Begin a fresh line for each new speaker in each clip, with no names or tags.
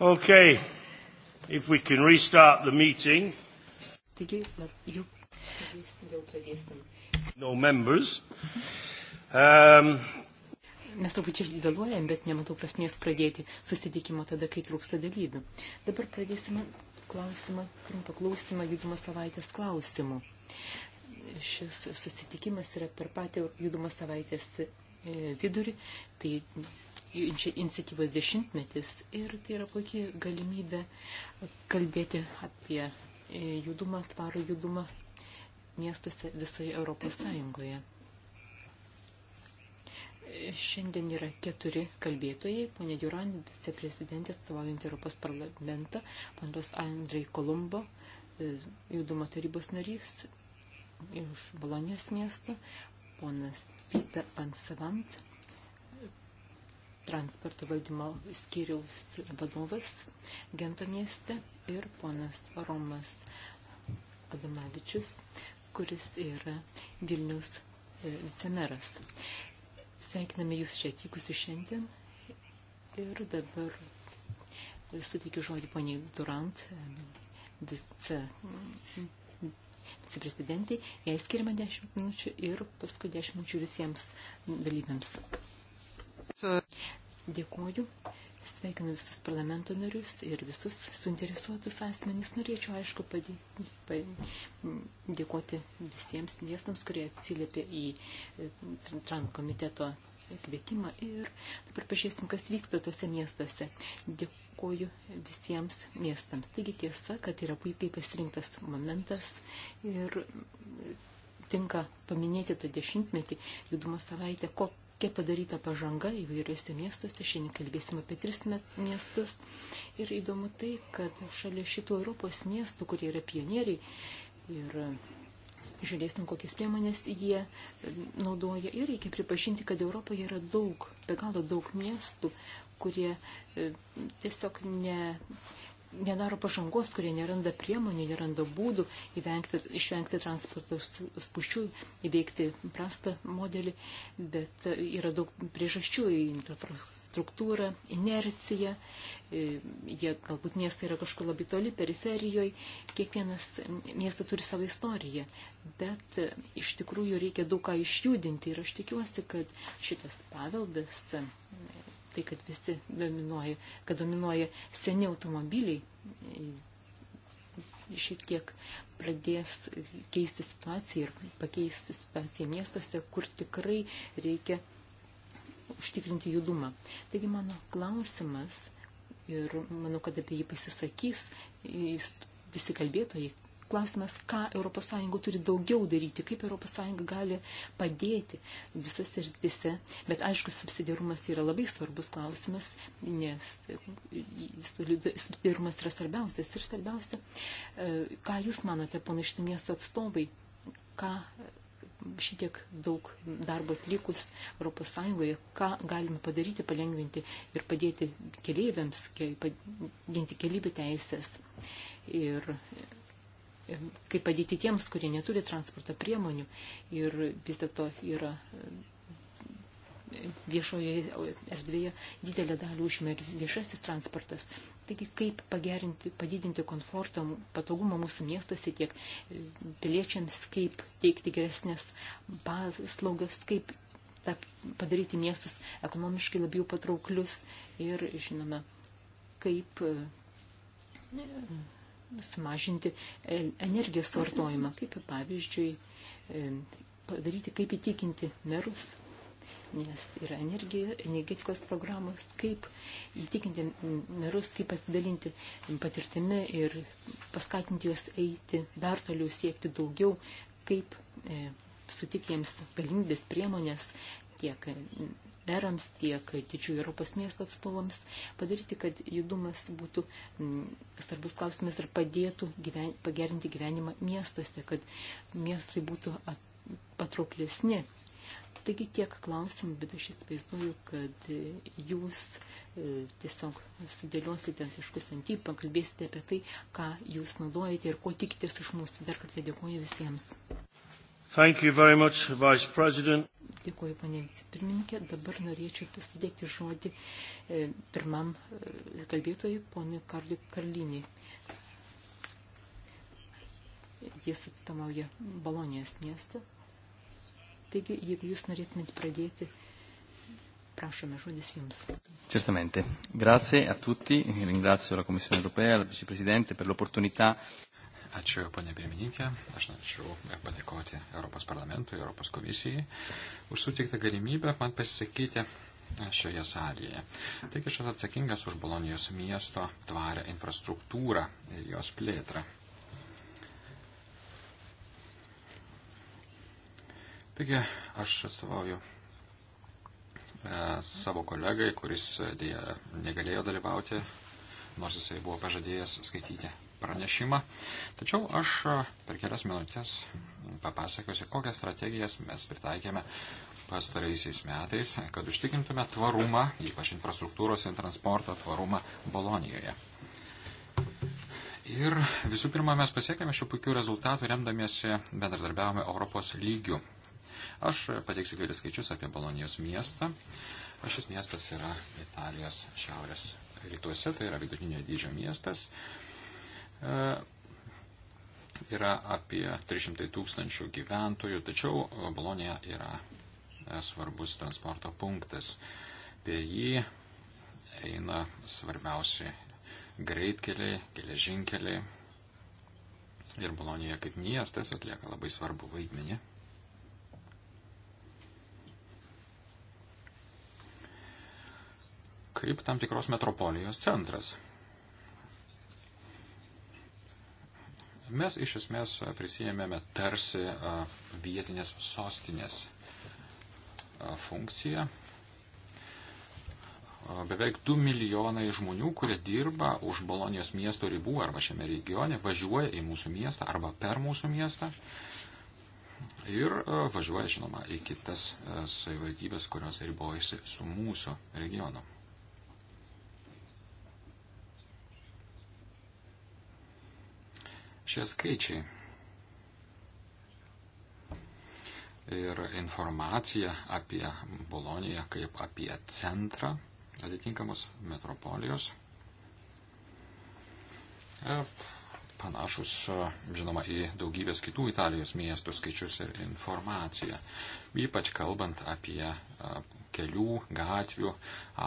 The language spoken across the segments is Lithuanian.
Okay. If we can restart the meeting.
Taigi, jau pradėsim.
No members. Um, Mes
truputį vėluojam, bet nematau prasmės pradėti susitikimo tada, kai trūksta dalyvių. Dabar pradėsime klausimą, trumpą klausimą judumo savaitės klausimų. Šis susitikimas yra per patį judumo savaitės E, vidurį, tai čia iniciatyvos dešimtmetis ir tai yra puikiai galimybė kalbėti apie e, judumą, tvarų judumą miestuose visoje Europos Sąjungoje. Šiandien yra keturi kalbėtojai, ponė Duran, viceprezidentė atstovaujant Europos parlamentą, pandos Andrei Kolumbo, e, judumo tarybos narys iš Bolonijos miesto, ponas Peter Ansavant, transporto valdymo skyriaus vadovas Gento mieste ir ponas Romas Adamavičius, kuris yra Vilnius e, vicemeras. Sveikiname jūs čia atvykusius šiandien ir dabar suteikiu žodį poniai Durant, DC viceprezidentei, jai skiriama 10 minučių ir paskui 10 minučių visiems dalyviams. Dėkuoju, sveikinu visus parlamento narius ir visus suinteresuotus asmenys. Norėčiau, aišku, padė, pa, dėkoti visiems miestams, kurie atsiliepė į Trump komiteto kvietimą ir dabar pažiūrėsim, kas vyksta tuose miestuose. Dėkuoju visiems miestams. Taigi tiesa, kad yra puikiai pasirinktas momentas ir tinka paminėti tą dešimtmetį, judumo savaitę, kokia padaryta pažanga įvairiuose miestuose. Šiandien kalbėsim apie tris miestus. Ir įdomu tai, kad šalia šitų Europos miestų, kurie yra pionieriai ir žiūrėsim, kokias priemonės jie e, naudoja. Ir reikia pripažinti, kad Europoje yra daug, be galo daug miestų, kurie e, tiesiog ne nedaro pažangos, kurie neranda priemonių, neranda būdų įvengti, išvengti transporto spuščių, įveikti prastą modelį, bet yra daug priežasčių į infrastruktūrą, inerciją, e, jie galbūt miestai yra kažkur labai toli, periferijoje, kiekvienas miestas turi savo istoriją, bet e, iš tikrųjų reikia daug ką išjudinti ir aš tikiuosi, kad šitas paveldas tai, kad visi dominuoja, kad dominuoja seni automobiliai, e, šiek tiek pradės keisti situaciją ir pakeisti situaciją miestuose, kur tikrai reikia užtikrinti judumą. Taigi mano klausimas ir manau, kad apie jį pasisakys visi kalbėtojai, klausimas, ką ES turi daugiau daryti, kaip ES gali padėti visose rytise. Bet aišku, subsidiarumas yra labai svarbus klausimas, nes e, subsidiarumas yra svarbiausias. Ir svarbiausia, e, ką Jūs manote, panašių miesto atstovai, ką šitiek daug darbo atlikus Europos Sąjungoje, ką galime padaryti, palengvinti ir padėti keleiviams, ginti keleivių teisės. Ir kaip padėti tiems, kurie neturi transporto priemonių ir vis dėlto yra viešoje erdvėje didelę dalį užima ir viešasis transportas. Taigi, kaip pagerinti, padidinti komfortą, patogumą mūsų miestuose tiek piliečiams, kaip teikti geresnės paslaugas, kaip tap, padaryti miestus ekonomiškai labiau patrauklius ir, žinoma, kaip sumažinti e, energijos vartojimą, kaip pavyzdžiui e, padaryti, kaip įtikinti merus, nes yra energija, energetikos programos, kaip įtikinti merus, kaip pasidalinti patirtimi ir paskatinti juos eiti dar toliau, siekti daugiau, kaip e, sutikti jiems galimybės priemonės tiek merams, tiek didžiųjų Europos miesto atstovams padaryti, kad judumas būtų svarbus klausimas ir padėtų gyven, pagerinti gyvenimą miestuose, kad miestai būtų patrauklesni. Taigi tiek klausimų, bet aš įsivaizduoju, kad e, jūs e, tiesiog sudėliosite ant iškus ant jį, pakalbėsite apie tai, ką jūs naudojate ir ko tikitės iš mūsų. Dar kartą dėkuoju visiems.
Thank you very much, Vice President.
Dėkuoju, panė vicepirmininkė. Dabar norėčiau pasidėkti žodį e, pirmam e, kalbėtojui, ponui Karliui Karlinį. Jis atstamauja Balonijos miestą. Taigi, jeigu jūs norėtumėte pradėti, prašome žodis jums.
Certamente. Grazie a tutti. Ringrazio la Commissione europea, la vicepresidente per l'opportunità. Ačiū, ponė pirmininkė. Aš norėčiau padėkoti Europos parlamentui, Europos komisijai už suteiktą galimybę man pasisakyti šioje salėje. Taigi aš esu atsakingas už Bolonijos miesto tvarę infrastruktūrą ir jos plėtrą. Taigi aš atstovauju e, savo kolegai, kuris e, dėja negalėjo dalyvauti, nors jisai buvo pažadėjęs skaityti pranešimą. Tačiau aš e, per kelias minutės papasakosiu, kokias strategijas mes pritaikėme pastaraisiais metais, kad užtikrintume tvarumą, ypač infrastruktūros ir transporto tvarumą Bolonijoje. Ir visų pirma, mes pasiekėme šių puikių rezultatų remdamiesi bendradarbiavome Europos lygių. Aš pateiksiu kelias skaičius apie Bolonijos miestą. Šis miestas yra Italijos šiaurės rytuose, tai yra vidutinio dydžio miestas. E, yra apie 300 tūkstančių gyventojų, tačiau Bolonija yra e, svarbus transporto punktas. Apie jį eina svarbiausi greitkeliai, geležinkeliai. Ir Bolonija kaip miestas atlieka labai svarbu vaidmenį. Kaip tam tikros metropolijos centras. Mes iš esmės prisijėmėme tarsi vietinės sostinės funkciją. Beveik 2 milijonai žmonių, kurie dirba už Bolonijos miesto ribų arba šiame regione, važiuoja į mūsų miestą arba per mūsų miestą ir važiuoja, žinoma, į kitas savivaldybės, kurios ribojasi su mūsų regionu. šie skaičiai. Ir informacija apie Boloniją kaip apie centrą atitinkamos metropolijos. E, panašus, e, žinoma, į daugybės kitų Italijos miestų skaičius ir informaciją. Ypač kalbant apie e, kelių, gatvių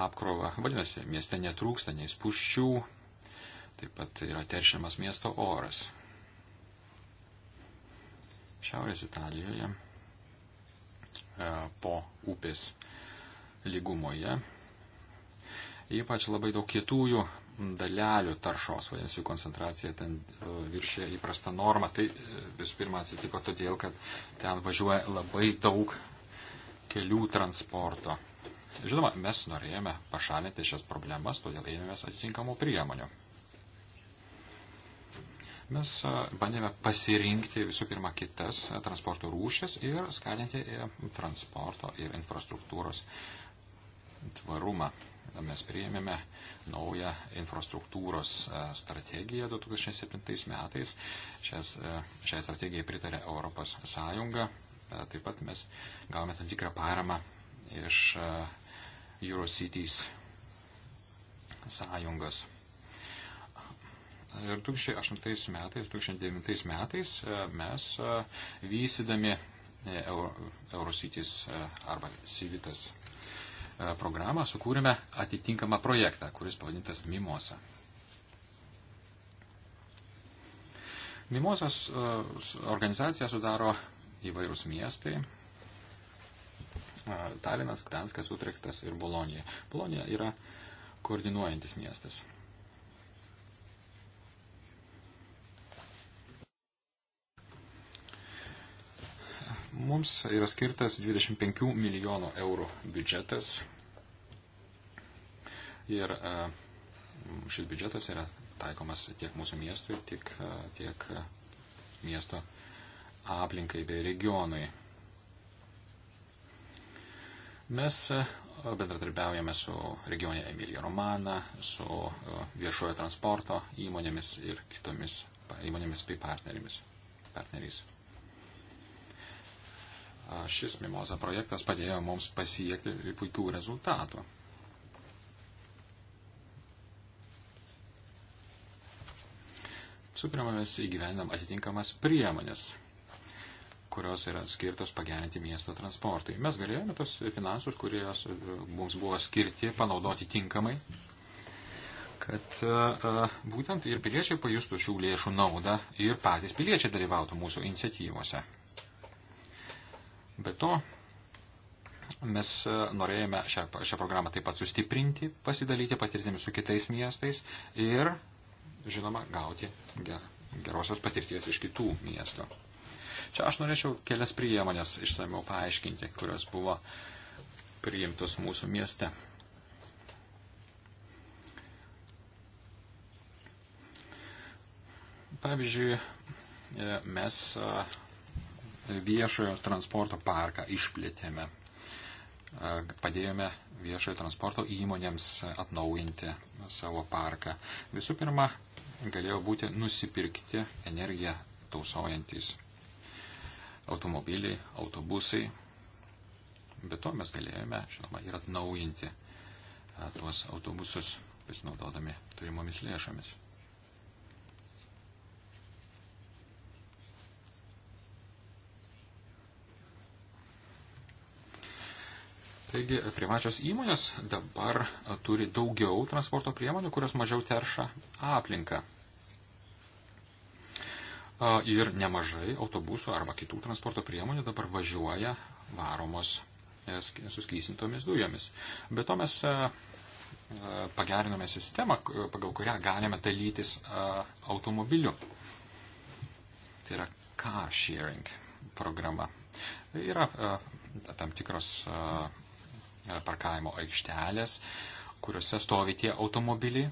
apkrovą. Vadinasi, mieste netrūksta nei spuščių, taip pat yra teršiamas miesto oras. Šiaurės Italijoje e, po upės lygumoje ypač labai daug kietųjų dalelių taršos, vadinasi, jų koncentracija ten e, viršė įprastą normą. Tai e, visų pirma atsitiko todėl, kad ten važiuoja labai daug kelių transporto. Žinoma, mes norėjome pašalinti šias problemas, todėl ėmėmės atitinkamų priemonių. Mes bandėme pasirinkti visų pirma kitas transporto rūšis ir skatinti e, transporto ir infrastruktūros tvarumą. Mes priėmėme naują infrastruktūros strategiją 2007 metais. Šias, e, šiai strategijai pritarė Europos Sąjunga. Taip pat mes gavome tam tikrą paramą iš Eurocities sąjungos. Ir 2008 metais, 2009 metais e, mes e, vystydami e, Eurocities arba Civitas programą sukūrėme atitinkamą projektą, kuris pavadintas Mimosa. Mimosas organizaciją sudaro įvairūs miestai, Talinas, Gdanskas, Utrechtas ir Bolonija. Bolonija yra koordinuojantis miestas. Mums yra skirtas 25 milijonų eurų biudžetas. Ir e, šis biudžetas yra taikomas tiek mūsų miestui, tiek, e, tiek miesto aplinkai bei regionui. Mes e, bendradarbiaujame su regione Emilija Romana, su viešojo transporto įmonėmis ir kitomis įmonėmis bei partneriais šis Mimoza projektas padėjo mums pasiekti puikių rezultatų. Visų pirma, mes įgyvendam atitinkamas priemonės, kurios yra skirtos pagerinti miesto transportui. Mes galėjome tos finansus, kurie mums buvo skirti, panaudoti tinkamai, kad a, e, e, būtent ir piliečiai pajustų šių lėšų naudą ir patys piliečiai dalyvautų mūsų iniciatyvose. Be to, mes e, norėjome šią, šią programą taip pat sustiprinti, pasidalyti patirtimi su kitais miestais ir, žinoma, gauti gerosios patirties iš kitų miestų. Čia aš norėčiau kelias priemonės išsamiau paaiškinti, kurios buvo priimtos mūsų mieste. Pavyzdžiui, e, mes e, viešojo transporto parką išplėtėme. E, padėjome viešojo transporto įmonėms atnaujinti savo parką. Visų pirma, galėjo būti nusipirkti energiją tausojantis automobiliai, autobusai. Be to mes galėjome, žinoma, ir atnaujinti e, tuos autobusus pasinaudodami turimomis lėšomis. Taigi privačios įmonės dabar turi daugiau transporto priemonių, kurios mažiau terša aplinką. Ir nemažai autobusų arba kitų transporto priemonių dabar važiuoja varomos e, suskysintomis dujomis. Be to mes e, e, pagerinome sistemą, pagal kurią galime dalytis automobiliu. Tai yra car sharing programa. Yra tam tikros parkavimo aikštelės, kuriuose stovi tie automobiliai.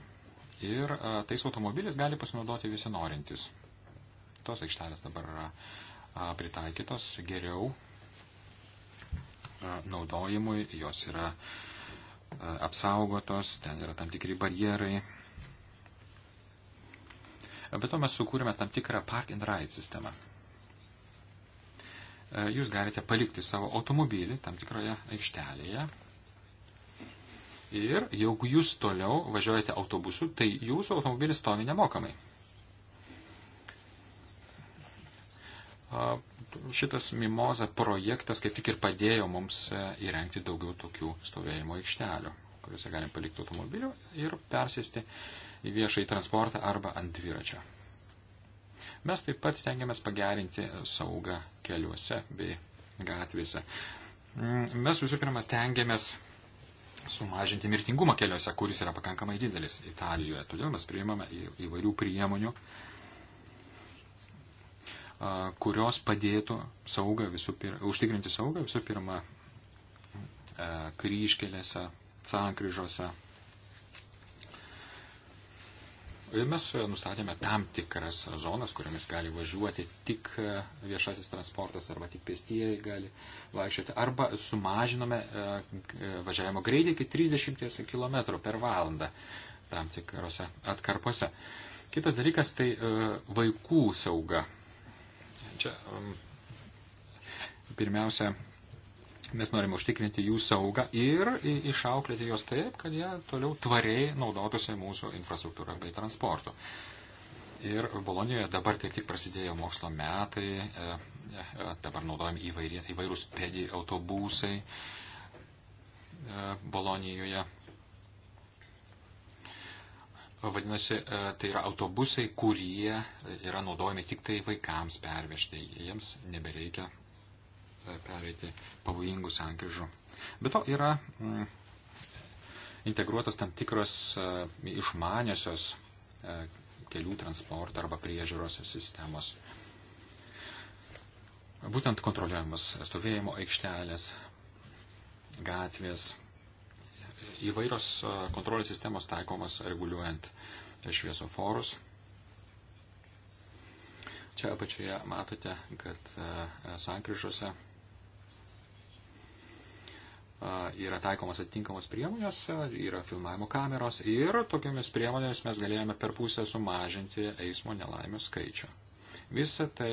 Ir e, tais automobiliais gali pasinaudoti visi norintys. Tos aikštelės dabar yra pritaikytos geriau naudojimui, jos yra apsaugotos, ten yra tam tikri barjerai. Be to mes sukūrėme tam tikrą park and ride sistemą. Jūs galite palikti savo automobilį tam tikroje aikštelėje ir jeigu jūs toliau važiuojate autobusu, tai jūsų automobilis stovi nemokamai. Šitas Mimoza projektas kaip tik ir padėjo mums e, įrengti daugiau tokių stovėjimo aikštelių, kuriuose galim palikti automobilių ir persėsti į viešąjį transportą arba ant dviračio. Mes taip pat stengiamės pagerinti saugą keliuose bei gatvėse. Mm, mes visų pirma stengiamės sumažinti mirtingumą keliuose, kuris yra pakankamai didelis Italijoje. Todėl mes priimame įvairių priemonių, kurios padėtų saugą visų pirma, užtikrinti saugą visų pirma kryžkelėse, sankryžose, Mes e, nustatėme tam tikras zonas, kuriomis gali važiuoti tik e, viešasis transportas arba tik pėstieji gali vaikščioti. Arba sumažinome e, važiavimo greitį iki 30 km per valandą tam tikrose atkarpose. Kitas dalykas tai vaikų sauga. Čia pirmiausia Mes norime užtikrinti jų saugą ir išauklėti juos taip, kad jie toliau tvariai naudotųsi mūsų infrastruktūrą bei transportu. Ir Bolonijoje dabar kaip tik prasidėjo mokslo metai, e, e, e, dabar naudojami įvairi, įvairūs pedi autobusai Bolonijoje. Vadinasi, tai yra autobusai, kurie yra naudojami tik tai vaikams pervežti. Jiems nebereikia E, pereiti pavojingų sankryžų. Be to yra m, mm, integruotas tam tikros a, e, išmaniosios a, e, kelių transporto arba priežiūros sistemos. Būtent kontroliuojamos stovėjimo aikštelės, gatvės, įvairios kontrolės sistemos taikomos reguliuojant šviesoforus. Čia apačioje matote, kad sankryžose yra taikomos atitinkamos priemonės, yra filmavimo kameros ir tokiamis priemonėmis mes galėjome per pusę sumažinti eismo nelaimių skaičių. Visa tai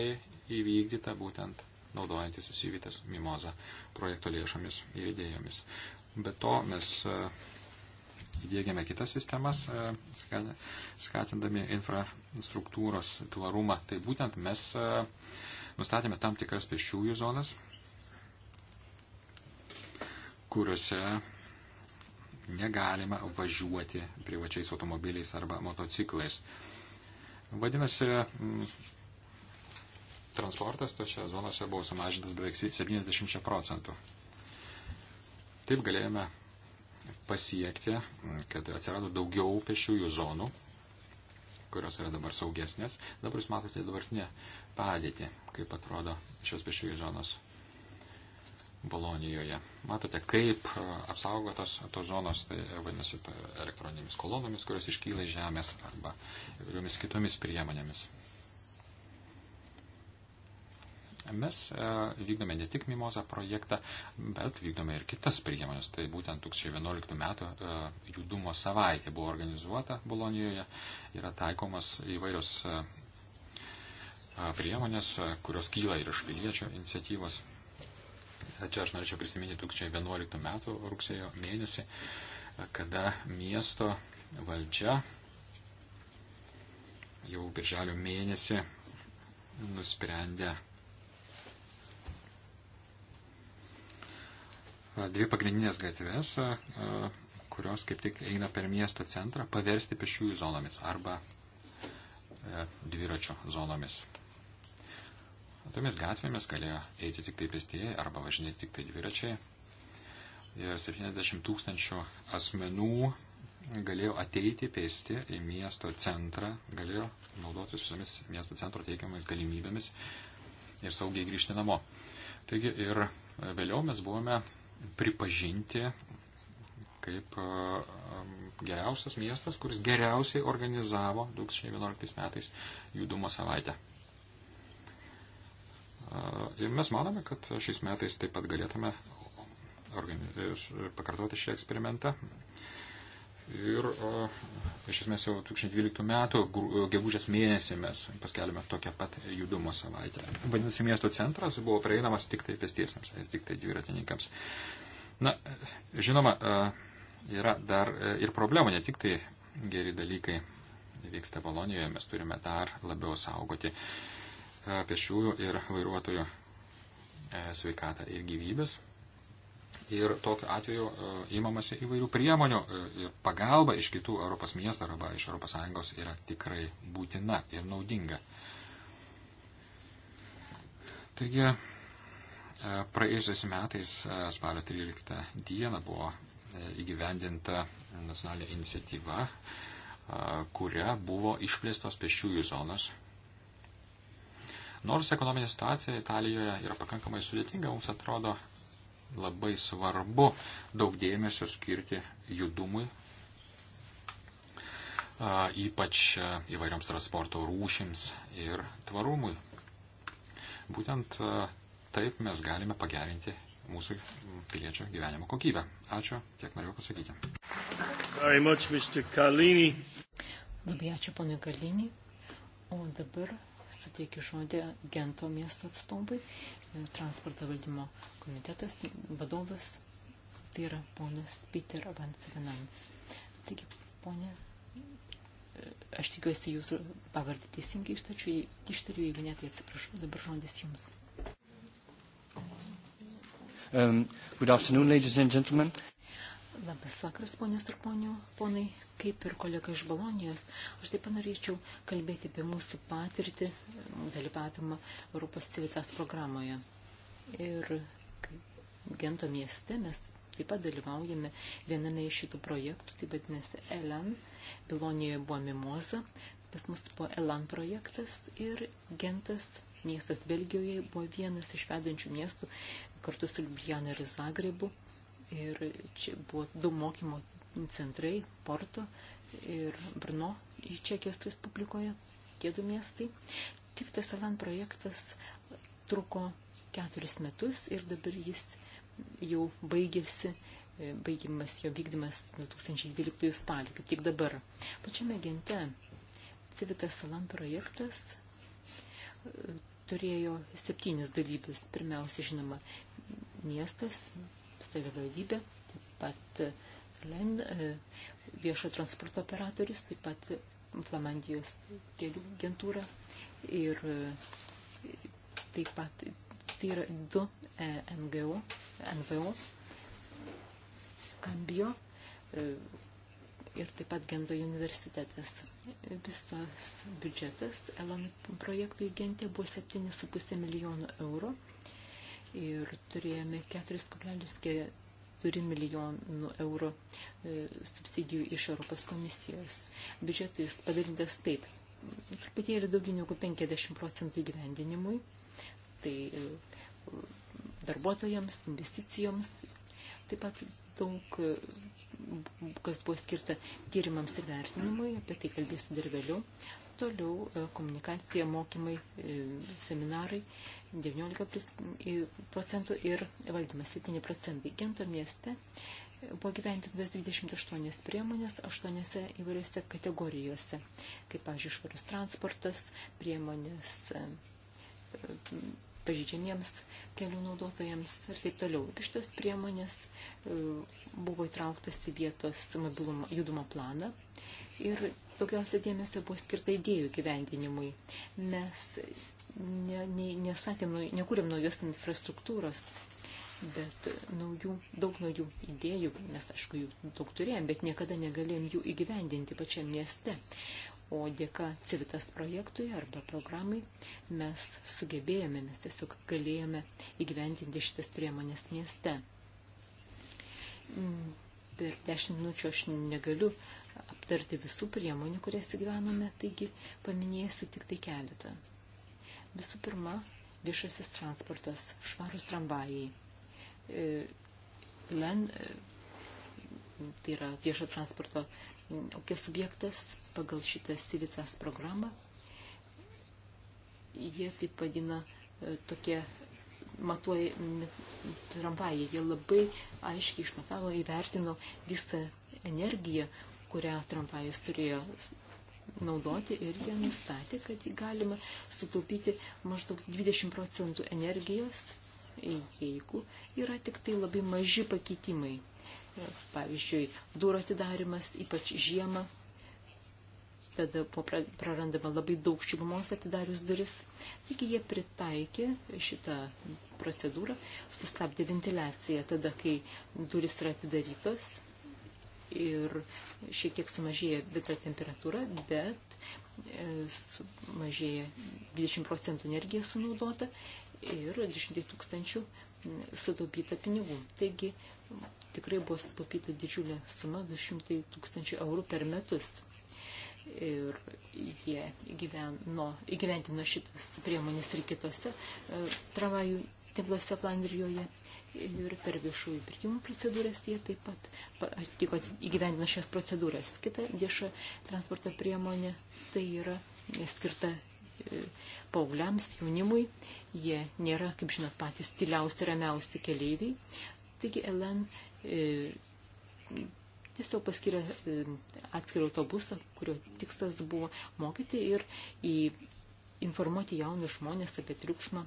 įvykdyta būtent naudojantis įsivytas Mimoza projekto lėšomis ir idėjomis. Be to mes įdėgėme kitas sistemas, skatindami infrastruktūros tvarumą. Tai būtent mes nustatėme tam tikras pešiųjų zonas, kuriuose negalima važiuoti privačiais automobiliais arba motociklais. Vadinasi, transportas tose zonose buvo sumažintas beveik 70 procentų. Taip galėjome pasiekti, kad atsirado daugiau pešiųjų zonų, kurios yra dabar saugesnės. Dabar jūs matote dabartinę padėtį, kaip atrodo šios pešiųjų zonos Bolonijoje. Matote, kaip e, apsaugotos tos zonos, tai e, vadinasi, elektroninėmis kolonomis, kurios iškyla iš žemės arba jomis kitomis priemonėmis. Mes e, vykdome ne tik Mimoza projektą, bet vykdome ir kitas priemonės. Tai būtent 2011 metų judumo savaitė buvo organizuota Bolonijoje. Yra taikomas įvairios priemonės, kurios kyla ir iš piliečių iniciatyvos Čia aš norėčiau prisiminti 2011 metų rugsėjo mėnesį, kada miesto valdžia jau birželio mėnesį nusprendė dvi pagrindinės gatves, kurios kaip tik eina per miesto centrą, paversti pešiųjų zonomis arba e, dviračių zonomis. Tomis gatvėmis galėjo eiti tik tai pėstieji arba važinėti tik tai dviračiai. Ir 70 tūkstančių asmenų galėjo ateiti pėsti į miesto centrą, galėjo naudotis visomis miesto centro teikiamais galimybėmis ir saugiai grįžti namo. Taigi ir vėliau mes buvome pripažinti kaip um, geriausias miestas, kuris geriausiai organizavo 2011 metais judumo savaitę. Ir tai mes manome, kad šiais metais taip pat galėtume pakartoti šį eksperimentą. Ir iš esmės jau 2012 metų gegužės mėnesį mes paskelbėme tokią pat judumo savaitę. Vadinasi, miesto centras buvo prieinamas tik tai pėstiesiams, e, tik tai dviratininkams. Na, žinoma, e, yra dar e, ir problema, ne tik tai geri dalykai vyksta Valonijoje, mes turime dar labiau saugoti uh, pešiųjų ir vairuotojų e, sveikatą ir gyvybės. Ir tokiu atveju įmamasi e, įvairių priemonių e, ir pagalba iš kitų Europos miestų arba iš ES yra tikrai būtina ir naudinga. Taigi, praėjusiais metais spalio 13 dieną buvo įgyvendinta nacionalinė iniciatyva, kuria buvo išplėstos pešiųjų zonos Nors ekonominė situacija Italijoje yra pakankamai sudėtinga, mums atrodo labai svarbu daug dėmesio skirti judumui, ypač įvairioms transporto rūšims ir tvarumui. Būtent taip mes galime pagerinti mūsų piliečio gyvenimo kokybę. Ačiū, tiek norėjau pasakyti. Very much,
Labai ačiū, ponė Kalinį. O dabar suteikiu žodį Gento miesto atstovui, e, transporto valdymo komitetas, vadovas, tai yra ponas Peter Van Fernandes. Taigi, ponė, e, aš tikiuosi jūsų pavardę teisingai ištačiu, ištariu, jeigu ne, tai atsiprašau, dabar žodis jums.
Um, good afternoon, ladies and gentlemen.
Labas vakaras, ponės ir ponių, ponai, kaip ir kolega iš Bolonijos, aš taip panorėčiau kalbėti apie mūsų patirtį, dalyvavimą Europos civitas programoje. Ir Gento mieste mes taip pat dalyvaujame viename iš šitų projektų, tai vadinasi Elan, Bilonijoje buvo Mimoza, pas mus buvo Elan projektas ir Gentas miestas Belgijoje buvo vienas iš vedančių miestų kartu su Ljubljana ir Zagrebu Ir čia buvo du mokymo centrai - Porto ir Brno į Čekijos Respublikoje, tie du miestai. Tik tas Alan projektas truko keturis metus ir dabar jis jau baigėsi, e, baigimas jo vykdymas 2012 spalį, kaip tik dabar. Pačiame gente Civitas Salam projektas e, turėjo septynis dalyvius. Pirmiausia, žinoma, miestas, savivaldybė, taip pat LEN, e, viešo transporto operatorius, taip pat Flamandijos kelių agentūra ir e, taip pat tai yra du e, NGO, NVO, Kambio ir taip pat Gento universitetas. Visos biudžetas Elon projektui Gente buvo 7,5 milijonų eurų ir turėjome 4,4 milijonų eurų e, subsidijų iš Europos komisijos. Biudžetas padarintas taip, truputėlį daugiau negu 50 procentų įgyvendinimui, tai e, darbuotojams, investicijoms, taip pat daug, e, kas buvo skirta tyrimams ir vertinimui, apie tai kalbėsiu dar vėliau. Toliau e, komunikacija, mokymai, e, seminarai 19 procentų ir valdymas 7 procentai. Gento mieste e, buvo gyventintas 28 priemonės, 8 įvairiose kategorijose, kaip, pavyzdžiui, švarus transportas, priemonės pažydžiamiems kelių naudotojams ir taip toliau. Šitas priemonės buvo įtrauktas į vietos mobilumo, judumo planą ir daugiausia dėmesio buvo skirta idėjų gyvendinimui. Mes ne, ne, nesakėm, nu, nekūrėm naujos infrastruktūros, bet naujų, daug naujų idėjų, mes aišku jų daug turėjom, bet niekada negalėjom jų įgyvendinti pačiam mieste. O dėka civitas projektui arba programai mes sugebėjome, mes tiesiog galėjome įgyvendinti šitas priemonės mieste. Mm, per dešimt minučių aš negaliu uh, aptarti visų priemonių, kurias įgyvenome, taigi paminėsiu tik tai keletą. Visų pirma, viešasis transportas, švarus tramvajai. E, Len, e, tai yra viešo transporto aukė subjektas pagal šitą Sivicas programą. Jie taip vadina e, tokie matuoja tramvajai. Jie labai aiškiai išmatavo, įvertino visą energiją, kurią Trumpajus turėjo naudoti ir jie nustatė, kad galima sutaupyti maždaug 20 procentų energijos, jeigu yra tik tai labai maži pakeitimai. Pavyzdžiui, durų atidarimas, ypač žiemą, tada prarandama labai daug šilumos atidarius duris. Taigi jie pritaikė šitą procedūrą, sustabdė ventiliaciją tada, kai duris yra atidarytos ir šiek tiek sumažėja bitra temperatūra, bet e, sumažėja 20 procentų energijos sunaudota ir 200 tūkstančių sutaupyta pinigų. Taigi tikrai buvo sutaupyta didžiulė suma 200 tūkstančių eurų per metus. Ir jie gyveno, įgyventino šitas priemonės ir kitose e, tramvajų tinkluose Flandrijoje ir per viešųjų pirkimų procedūras jie taip pat atliko įgyvendino šias procedūras. Kita vieša transporto priemonė tai yra e, skirta e, paaugliams, jaunimui. Jie nėra, kaip žinot, patys tyliausi, ramiausi keleiviai. Taigi LN e, tiesiog paskiria e, atskirą autobusą, kurio tikslas buvo mokyti ir į, informuoti jaunus žmonės apie triukšmą.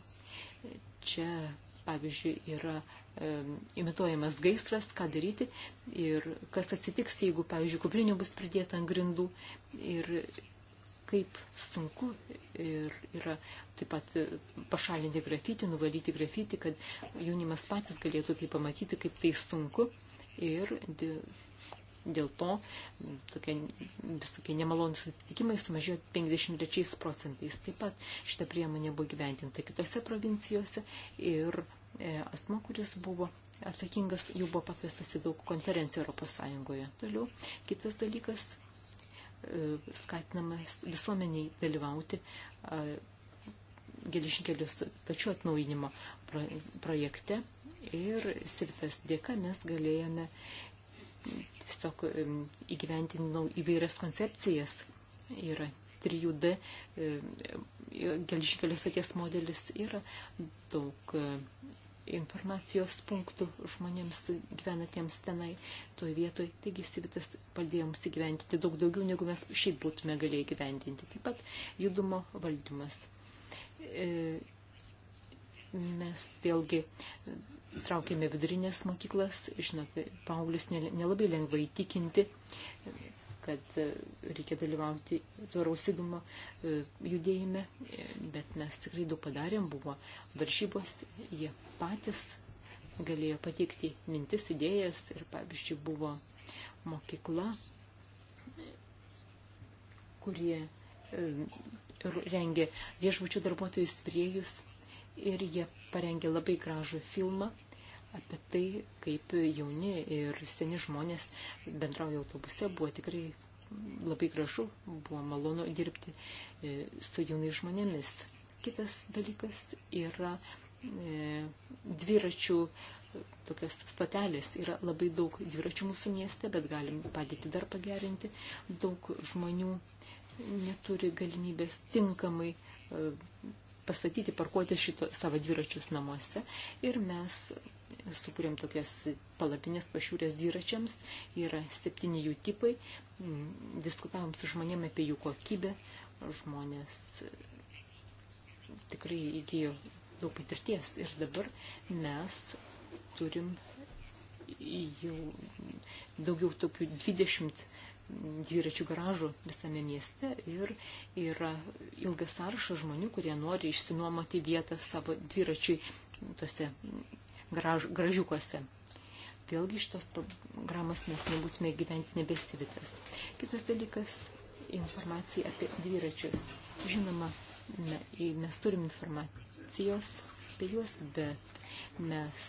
E, čia pavyzdžiui, yra e, imituojamas gaisras, ką daryti ir kas atsitiks, jeigu, pavyzdžiui, kuprinė bus pridėta ant grindų ir kaip sunku ir yra taip pat pašalinti grafitį, nuvalyti grafitį, kad jaunimas patys galėtų tai pamatyti, kaip tai sunku ir dėl to tokie, vis tokie nemalonus atsitikimai sumažėjo 53 procentais. Taip pat šita priemonė buvo gyventinta kitose provincijose ir E, asmo, kuris buvo atsakingas, jau buvo pakviestas į daug konferencijų Europos Sąjungoje. Toliau kitas dalykas e, skatinamas visuomeniai dalyvauti e, geležinkelių tačių atnaujinimo projekte ir sirtas dėka mes galėjome tiesiog įgyventinti įvairias koncepcijas. Yra 3D geležinkelio stoties modelis, yra daug informacijos punktų žmonėms gyvenatiems tenai, toje vietoje. Taigi Sivitas padėjo mums įgyvendinti daug daugiau, negu mes šiaip būtume galėję gyvendinti. Taip pat judumo valdymas. E, mes vėlgi traukėme vidurinės mokyklas, žinote, Paulius nelabai lengvai įtikinti, kad e, reikia dalyvauti tvaraus įgumo e, judėjime, e, bet mes tikrai daug padarėm, buvo varžybos, jie patys galėjo pateikti mintis, idėjas ir pavyzdžiui buvo mokykla, kurie rengė viešbučių darbuotojus priejus ir jie parengė labai gražų filmą apie tai, kaip jauni ir seni žmonės bendrauja autobuse, buvo tikrai labai gražu, buvo malonu dirbti e, su jaunais žmonėmis. Kitas dalykas yra e, dviračių tokios stotelės. Yra labai daug dviračių mūsų mieste, bet galim padėti dar pagerinti. Daug žmonių neturi galimybės tinkamai e, pastatyti, parkuoti šito savo dviračius namuose. Ir mes sukūrėm tokias palapinės pašiūrės dviračiams, yra septyni jų tipai, diskutavom su žmonėm apie jų kokybę, žmonės e, tikrai įgyjo daug patirties ir dabar mes turim jau daugiau tokių 20 dviračių garažų visame mieste ir yra ilgas sąrašas žmonių, kurie nori išsinuomoti vietą savo dviračiui tuose graž, gražiukose. Vėlgi šitos programos mes nebūtume gyventi nebesivitas. Kitas dalykas - informacija apie dviračius. Žinoma, me, mes turim informacijos apie juos, bet mes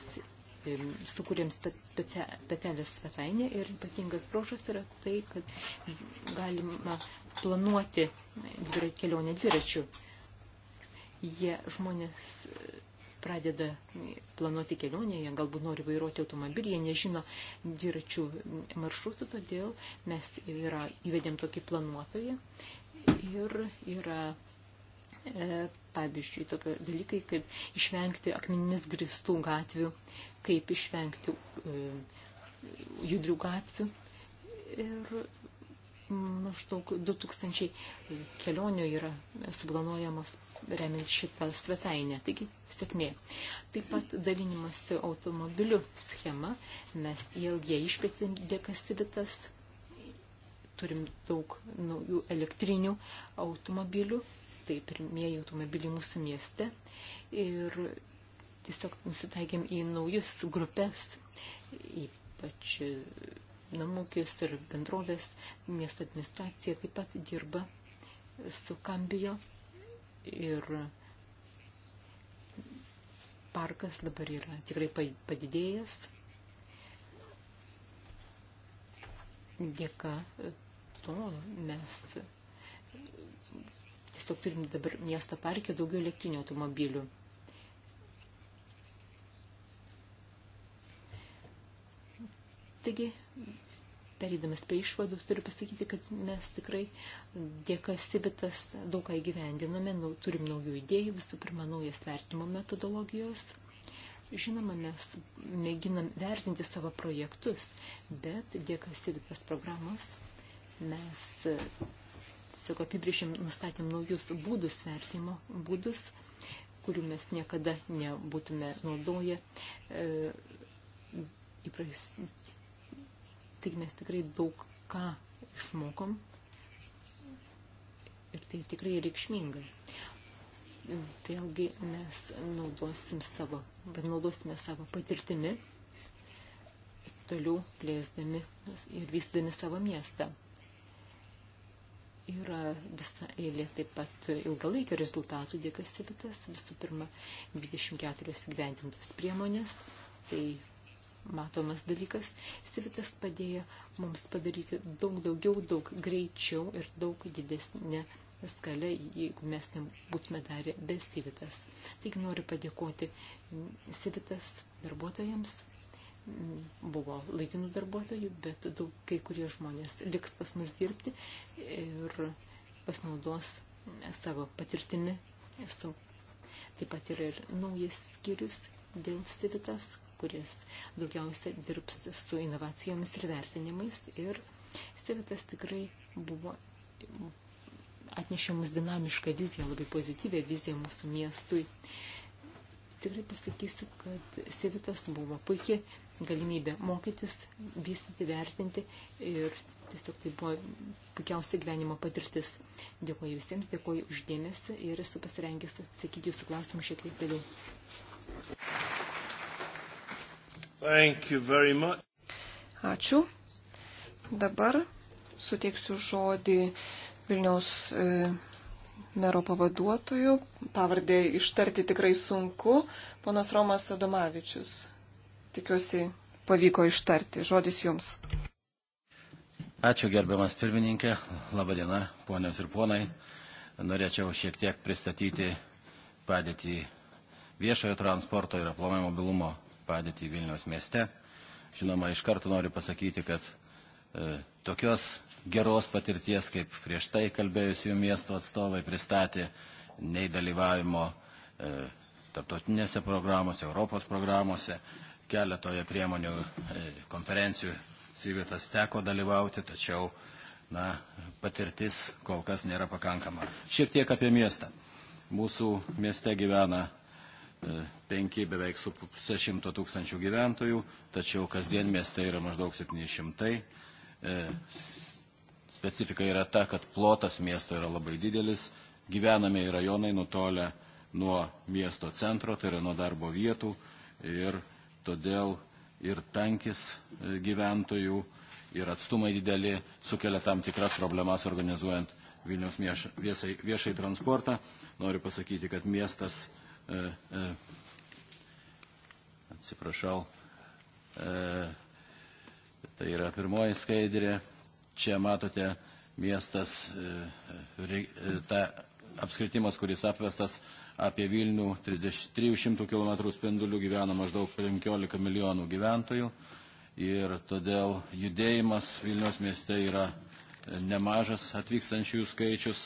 sukūrėm specialią svetainę ir ypatingas brožas yra tai, kad galima planuoti dvira, kelionę dviračių. Jie žmonės pradeda planuoti kelionę, jie galbūt nori vairuoti automobilį, jie nežino dviračių maršrutų, todėl mes yra, įvedėm tokį planuotoją ir yra, e, pavyzdžiui, tokie dalykai, kaip išvengti akmeninis gristų gatvių, kaip išvengti e, judrių gatvių ir maždaug 2000 kelionių yra suplanuojamos remiant šitą svetainę. Taigi, sėkmė. Taip pat dalinimuose automobiliu schema. Mes ilgie išplėtėm dėka civitas. Turim daug naujų elektrinių automobilių. Tai pirmieji automobiliai mūsų mieste. Ir tiesiog nusitaikėm į naujus grupės, ypač namūkius ir bendrovės, miesto administracija taip pat dirba su Kambijo ir parkas dabar yra tikrai padidėjęs dėka to mes tiesiog turim dabar miesto parke daugiau elektrinių automobilių. Taigi Pereidamas prie išvadų, turiu pasakyti, kad mes tikrai dėka Sibitas daug ką įgyvendiname, nau, turim naujų idėjų, visų pirma, naujas vertimo metodologijos. Žinoma, mes mėginam vertinti savo projektus, bet dėka Sibitas programos mes tiesiog apibriešėm, nustatėm naujus būdus, vertimo būdus, kurių mes niekada nebūtume naudoję. E, įpras, Taigi mes tikrai daug ką išmokom ir tai tikrai reikšmingai. Vėlgi mes naudosim savo, naudosime savo patirtimi, toliau plėsdami ir vystydami savo miestą. Yra visa eilė taip pat ilgalaikio rezultatų dėka sivitas, visų pirma, 24 gyventintas priemonės, tai matomas dalykas. Civitas padėjo mums padaryti daug daugiau, daug greičiau ir daug didesnė skalę, jeigu mes nebūtume darę be Civitas. Taigi noriu padėkoti Civitas darbuotojams. Buvo laikinų darbuotojų, bet daug kai kurie žmonės liks pas mus dirbti ir pasinaudos savo patirtimi. Esu. Taip pat yra ir naujas skyrius dėl Civitas, kuris daugiausia dirbs su inovacijomis ir vertinimais. Ir Stevitas tikrai buvo atnešė mums dinamišką viziją, labai pozityvę viziją mūsų miestui. Tikrai pasakysiu, kad Stevitas buvo puikiai galimybė mokytis, vystyti, vertinti ir tiesiog tai buvo puikiausia gyvenimo patirtis. Dėkuoju visiems, dėkuoju uždėmesi ir esu pasirengęs atsakyti jūsų klausimus šiek tiek vėliau.
Ačiū.
Dabar
suteiksiu žodį Vilniaus e, mero pavaduotojų. Pavardė ištarti tikrai sunku. Ponas Romas Adomavičius. Tikiuosi, pavyko ištarti. Žodis jums.
Ačiū gerbiamas pirmininkė. Labadiena, ponios ir ponai. Norėčiau šiek tiek pristatyti padėtį viešojo transporto ir aplomai mobilumo padėtį Vilniaus mieste. Žinoma, iš karto noriu pasakyti, kad e, tokios geros patirties, kaip prieš tai kalbėjusių miesto atstovai pristatė, nei dalyvavimo e, tarptautinėse programuose, Europos programuose, keletoje priemonių e, konferencijų Sivitas teko dalyvauti, tačiau na, patirtis kol kas nėra pakankama. Šiek tiek apie miestą. Mūsų mieste gyvena 5 beveik su pusė šimto tūkstančių gyventojų, tačiau kasdien mieste yra maždaug 700. E, specifika yra ta, kad plotas miesto yra labai didelis, gyvenamieji rajonai nutolę nuo miesto centro, tai yra nuo darbo vietų ir todėl ir tankis e, gyventojų ir atstumai dideli sukelia tam tikras problemas organizuojant Vilniaus viešai, viešai transportą. Noriu pasakyti, kad miestas e, e, atsiprašau, e, tai yra pirmoji skaidrė, čia matote miestas, e, e ta apskritimas, kuris apvestas apie Vilnių 30, 300 km spindulių gyvena maždaug 15 milijonų gyventojų ir todėl judėjimas Vilniaus mieste yra nemažas atvykstančiųjų skaičius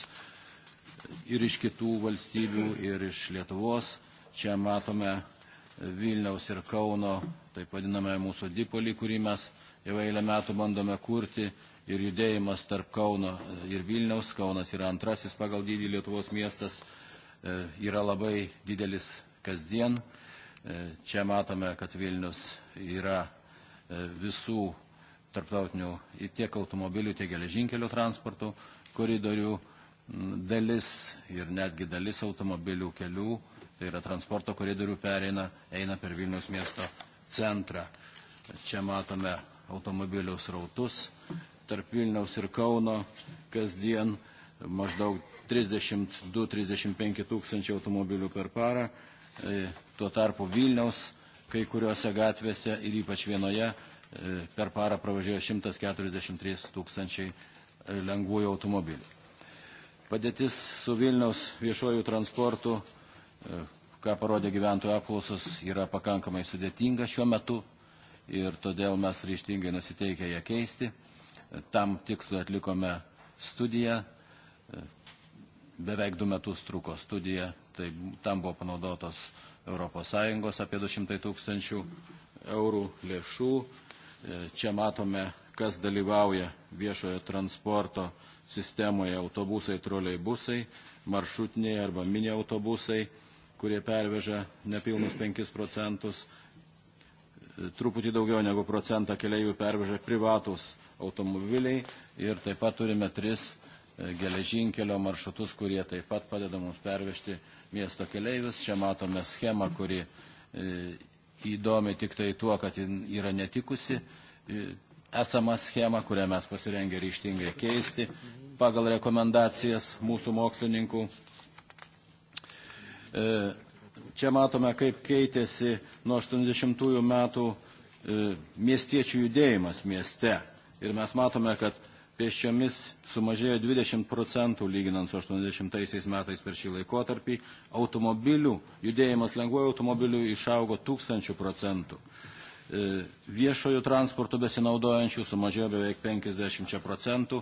ir iš kitų valstybių, ir iš Lietuvos. Čia matome Vilniaus ir Kauno, taip vadiname mūsų dipolį, kurį mes jau eilę metų bandome kurti ir judėjimas tarp Kauno ir Vilniaus. Kaunas yra antrasis pagal dydį Lietuvos miestas, e, yra labai didelis kasdien. E, čia matome, kad Vilnius yra e, visų tarptautinių tiek automobilių, tiek geležinkelio transportų koridorių dalis ir netgi dalis automobilių kelių, tai yra transporto koridorių pereina, eina per Vilnius miesto centrą. Čia matome automobilių srautus tarp Vilniaus ir Kauno kasdien maždaug 32-35 tūkstančiai automobilių per parą. E, tuo tarpu Vilniaus kai kuriuose gatvėse ir ypač vienoje e, per parą pravažiuoja 143 tūkstančiai e, lengvųjų automobilių. Padėtis su Vilniaus viešojų transportu, e, ką parodė gyventojų apklausos, yra pakankamai sudėtinga šiuo metu ir todėl mes ryštingai nusiteikę ją keisti. E, tam tikslui atlikome studiją, e, beveik du metus truko studija, tai tam buvo panaudotos ES apie 200 tūkstančių eurų lėšų. Čia matome kas dalyvauja viešojo transporto sistemoje autobusai, troleibusai, maršrutiniai arba mini autobusai, kurie perveža nepilnus 5 procentus, truputį daugiau negu procentą keleivių perveža privatus automobiliai ir taip pat turime tris e, geležinkelio maršrutus, kurie taip pat padeda mums pervežti miesto keleivius. Čia matome schemą, kuri e, įdomi tik tai tuo, kad yra netikusi e, esamą schemą, kurią mes pasirengę ryštingai keisti pagal rekomendacijas mūsų mokslininkų. E, čia matome, kaip keitėsi nuo 80-ųjų metų e, miestiečių judėjimas mieste. Ir mes matome, kad pėsčiomis sumažėjo 20 procentų lyginant su 80 metais per šį laikotarpį, automobilių, judėjimas lengvojo automobilių išaugo tūkstančių procentų. E, viešojo transportu besinaudojančių sumažėjo beveik 50 procentų,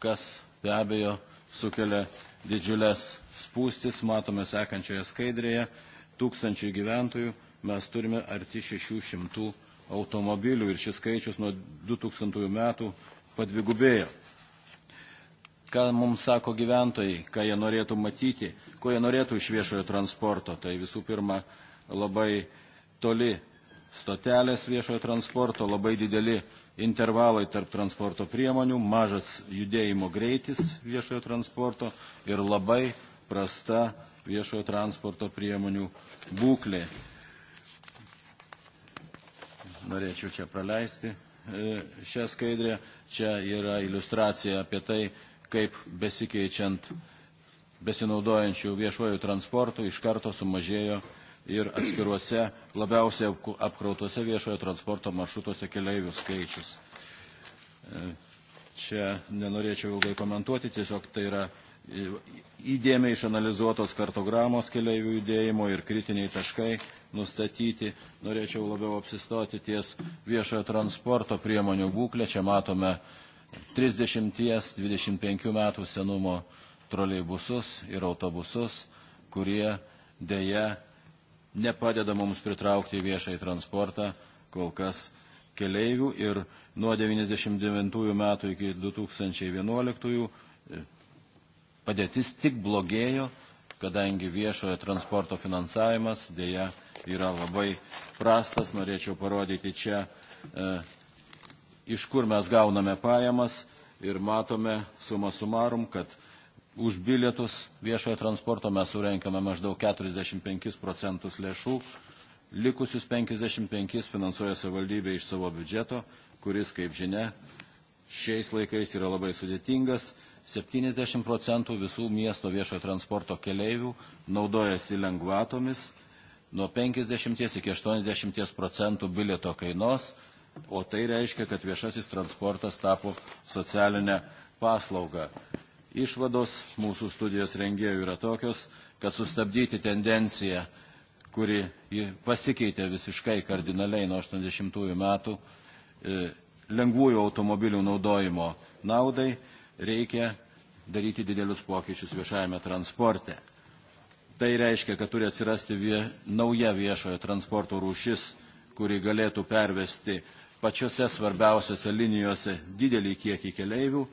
kas be abejo sukelia didžiulės spūstis, matome sekančioje skaidrėje, tūkstančiai gyventojų mes turime arti 600 automobilių ir šis skaičius nuo 2000 metų padvigubėjo. Ką mums sako gyventojai, ką jie norėtų matyti, ko jie norėtų iš viešojo transporto, tai visų pirma labai toli stotelės viešojo transporto, labai dideli intervalai tarp transporto priemonių, mažas judėjimo greitis viešojo transporto ir labai prasta viešojo transporto priemonių būklė. Norėčiau čia praleisti e, šią skaidrę. Čia yra iliustracija apie tai, kaip besikeičiant besinaudojančių viešuoju transportu iš karto sumažėjo ir atskiruose labiausiai apkrautose viešojo transporto maršrutuose keleivių skaičius. E, čia nenorėčiau ilgai komentuoti, tiesiog tai yra įdėmiai išanalizuotos kartogramos keleivių judėjimo ir kritiniai taškai nustatyti. Norėčiau labiau apsistoti ties viešojo transporto priemonių būklę. Čia matome 30-25 metų senumo troleibusus ir autobusus, kurie dėja nepadeda mums pritraukti viešai transportą kol kas keleivių ir nuo 1999 metų iki 2011 e, padėtis tik blogėjo, kadangi viešojo transporto finansavimas dėja yra labai prastas. Norėčiau parodyti čia, e, iš kur mes gauname pajamas ir matome suma sumarum, kad už bilietus viešojo transporto mes surenkame maždaug 45 procentus lėšų, likusius 55 finansuoja savivaldybė iš savo biudžeto, kuris, kaip žinia, šiais laikais yra labai sudėtingas. 70 procentų visų miesto viešojo transporto keleivių naudojasi lengvatomis nuo 50 iki 80 procentų bilieto kainos, o tai reiškia, kad viešasis transportas tapo socialinę paslaugą. Išvados mūsų studijos rengėjų yra tokios, kad sustabdyti tendenciją, kuri pasikeitė visiškai kardinaliai nuo 80-ųjų metų, e, lengvųjų automobilių naudojimo naudai reikia daryti didelius pokyčius viešajame transporte. Tai reiškia, kad turi atsirasti vie, nauja viešojo transporto rūšis, kuri galėtų pervesti pačiose svarbiausiose linijose didelį kiekį keleivių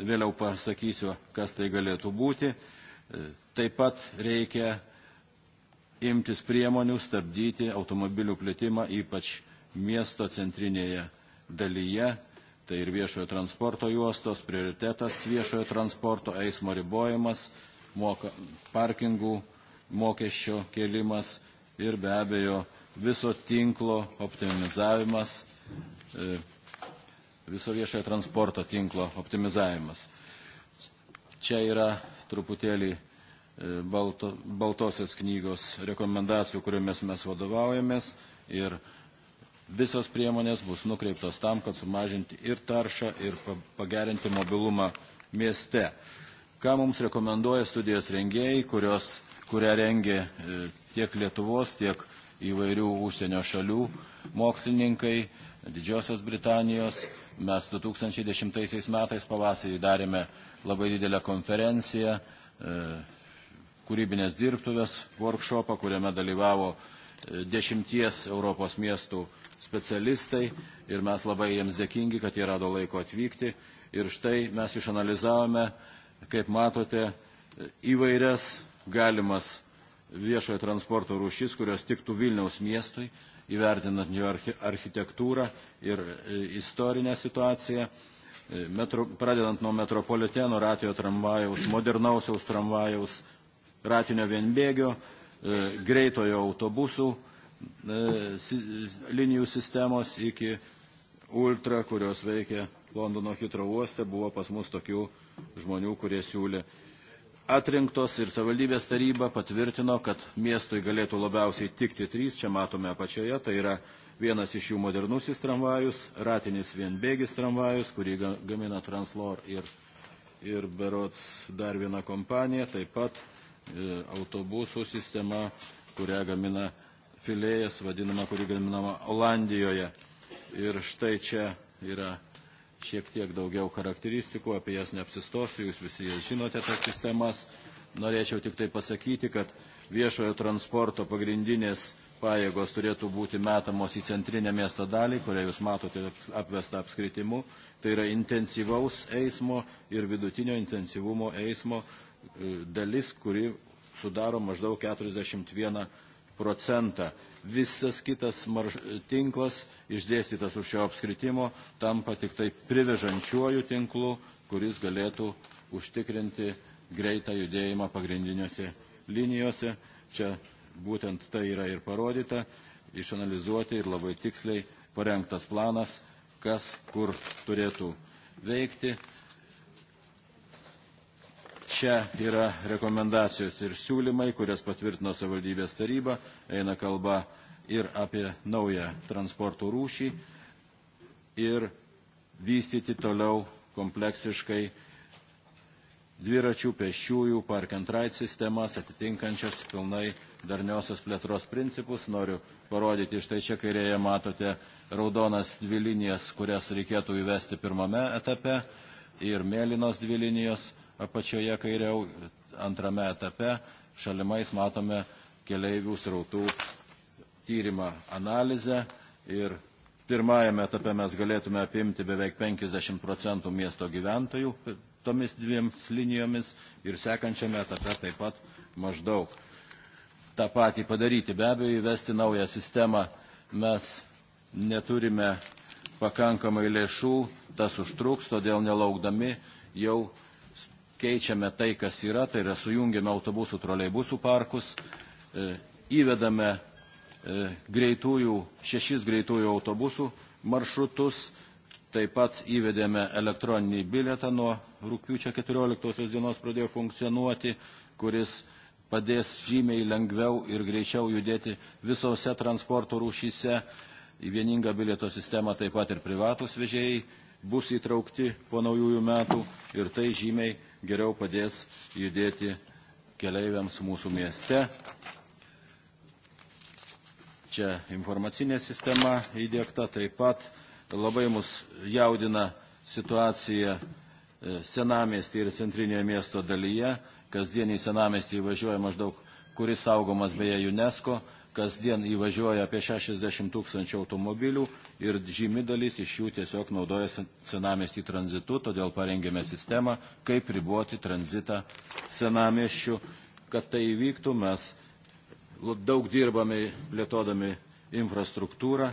vėliau pasakysiu, kas tai galėtų būti. Taip pat reikia imtis priemonių stabdyti automobilių plėtimą, ypač miesto centrinėje dalyje. Tai ir viešojo transporto juostos, prioritetas viešojo transporto, eismo ribojimas, moka, parkingų mokesčio kėlimas ir be abejo viso tinklo optimizavimas, e, viso viešojo transporto tinklo optimizavimas. Čia yra truputėlį e, balto, baltosios knygos rekomendacijų, kuriomis mes vadovaujamės ir visos priemonės bus nukreiptos tam, kad sumažinti ir taršą, ir pagerinti mobilumą mieste. Ką mums rekomenduoja studijos rengėjai, kurios, kurią rengė e, tiek Lietuvos, tiek įvairių užsienio šalių mokslininkai, Didžiosios Britanijos, Mes 2010 metais pavasarį darėme labai didelę konferenciją, e, kūrybinės dirbtuvės workshopą, kuriame dalyvavo e, dešimties Europos miestų specialistai ir mes labai jiems dėkingi, kad jie rado laiko atvykti. Ir štai mes išanalizavome, kaip matote, įvairias galimas viešojo transporto rūšis, kurios tiktų Vilniaus miestui įvertinant jo architektūrą ir e, istorinę situaciją, e, metro, pradedant nuo metropoliteno ratio tramvajaus, modernausiaus tramvajaus, ratinio vienbėgio, e, greitojo autobusų linijų sistemos iki ultra, kurios veikia Londono hitro uoste, buvo pas mus tokių žmonių, kurie siūlė atrinktos ir savivaldybės taryba patvirtino, kad miestui galėtų labiausiai tikti trys, čia matome apačioje, tai yra vienas iš jų modernusis tramvajus, ratinis vienbėgis tramvajus, kurį gamina Translor ir, ir berots dar viena kompanija, taip pat e, autobusų sistema, kurią gamina filėjas, vadinama, kuri gaminama Olandijoje. Ir štai čia yra šiek tiek daugiau charakteristikų, apie jas neapsistosiu, jūs visi jas žinote tas sistemas. Norėčiau tik tai pasakyti, kad viešojo transporto pagrindinės pajėgos turėtų būti metamos į centrinę miesto dalį, kurią jūs matote apvestą apskritimu. Tai yra intensyvaus eismo ir vidutinio intensyvumo eismo e, dalis, kuri sudaro maždaug 41 procentą visas kitas marš... tinklas išdėstytas už šio apskritimo tampa tik tai privežančiuoju tinklu, kuris galėtų užtikrinti greitą judėjimą pagrindiniuose linijose. Čia būtent tai yra ir parodyta, išanalizuoti ir labai tiksliai parengtas planas, kas kur turėtų veikti. Čia yra rekomendacijos ir siūlymai, kurias patvirtino savivaldybės taryba, eina kalba ir apie naują transporto rūšį ir vystyti toliau kompleksiškai dviračių, pešiųjų, park and ride sistemas, atitinkančias pilnai darniosios plėtros principus. Noriu parodyti, štai čia kairėje matote raudonas dvi linijas, kurias reikėtų įvesti pirmame etape ir mėlynos dvi linijos apačioje kairiau, antrame etape šalimais matome keleivių srautų tyrimą analizę ir pirmajame etape mes galėtume apimti beveik 50 procentų miesto gyventojų tomis dviems linijomis ir sekančiame etape taip pat maždaug tą patį padaryti. Be abejo, įvesti naują sistemą mes neturime pakankamai lėšų, tas užtruks, todėl nelaukdami jau keičiame tai, kas yra, tai yra sujungiame autobusų troleibusų parkus, e, įvedame e, greitųjų, šešis greitųjų autobusų maršrutus, taip pat įvedėme elektroninį bilietą nuo rūpiučio 14 dienos pradėjo funkcionuoti, kuris padės žymiai lengviau ir greičiau judėti visose transporto rūšyse. Į vieningą bilieto sistemą taip pat ir privatus vežėjai bus įtraukti po naujųjų metų ir tai žymiai geriau padės judėti keleiviams mūsų mieste. Čia informacinė sistema įdėkta taip pat. Labai mus jaudina situacija e, senamestį ir centrinėje miesto dalyje. Kasdienį senamestį įvažiuoja maždaug, kuris saugomas beje UNESCO kasdien įvažiuoja apie 60 tūkstančių automobilių ir žymi dalis iš jų tiesiog naudoja senamestį tranzitu, todėl parengėme sistemą, kaip riboti tranzitą senameščių. Kad tai įvyktų, mes daug dirbame plėtodami infrastruktūrą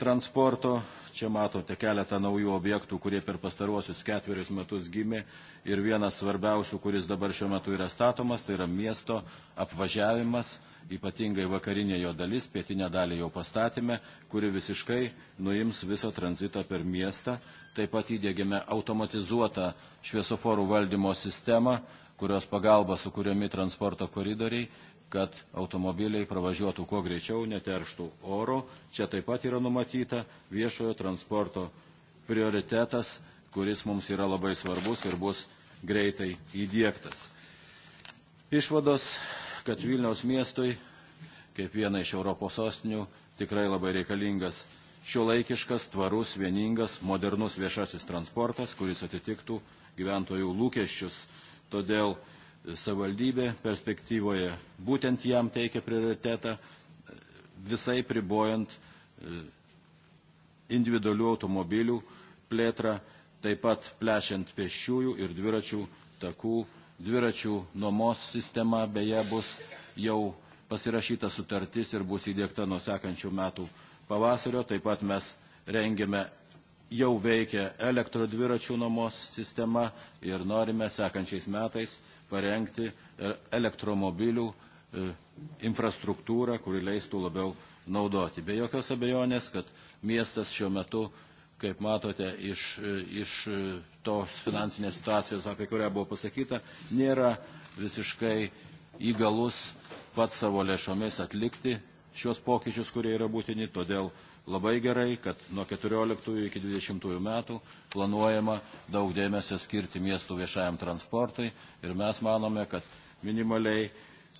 transporto. Čia matote keletą naujų objektų, kurie per pastaruosius ketverius metus gimė ir vienas svarbiausių, kuris dabar šiuo metu yra statomas, tai yra miesto apvažiavimas ypatingai vakarinė jo dalis, pietinę dalį jau pastatėme, kuri visiškai nuims visą tranzitą per miestą. Taip pat įdėgėme automatizuotą šviesoforų valdymo sistemą, kurios pagalba sukūrėmi transporto koridoriai, kad automobiliai pravažiuotų kuo greičiau, neterštų oro. Čia taip pat yra numatyta viešojo transporto prioritetas, kuris mums yra labai svarbus ir bus greitai įdėktas. Išvados kad Vilniaus miestui, kaip viena iš Europos sostinių, tikrai labai reikalingas šiuolaikiškas, tvarus, vieningas, modernus viešasis transportas, kuris atitiktų gyventojų lūkesčius. Todėl savivaldybė perspektyvoje būtent jam teikia prioritetą, visai pribojant e, individualių automobilių plėtrą, taip pat plešiant pešiųjų ir dviračių takų dviračių nuomos sistema beje bus jau pasirašyta sutartis ir bus įdėkta nuo sekančių metų pavasario. Taip pat mes rengiame jau veikia elektrodviračių nuomos sistema ir norime sekančiais metais parengti e, elektromobilių e, infrastruktūrą, kuri leistų labiau naudoti. Be jokios abejonės, kad miestas šiuo metu kaip matote, iš, iš tos finansinės situacijos, apie kurią buvo pasakyta, nėra visiškai įgalus pats savo lėšomis atlikti šios pokyčius, kurie yra būtini. Todėl labai gerai, kad nuo 14 iki 20 metų planuojama daug dėmesio skirti miestų viešajam transportui ir mes manome, kad minimaliai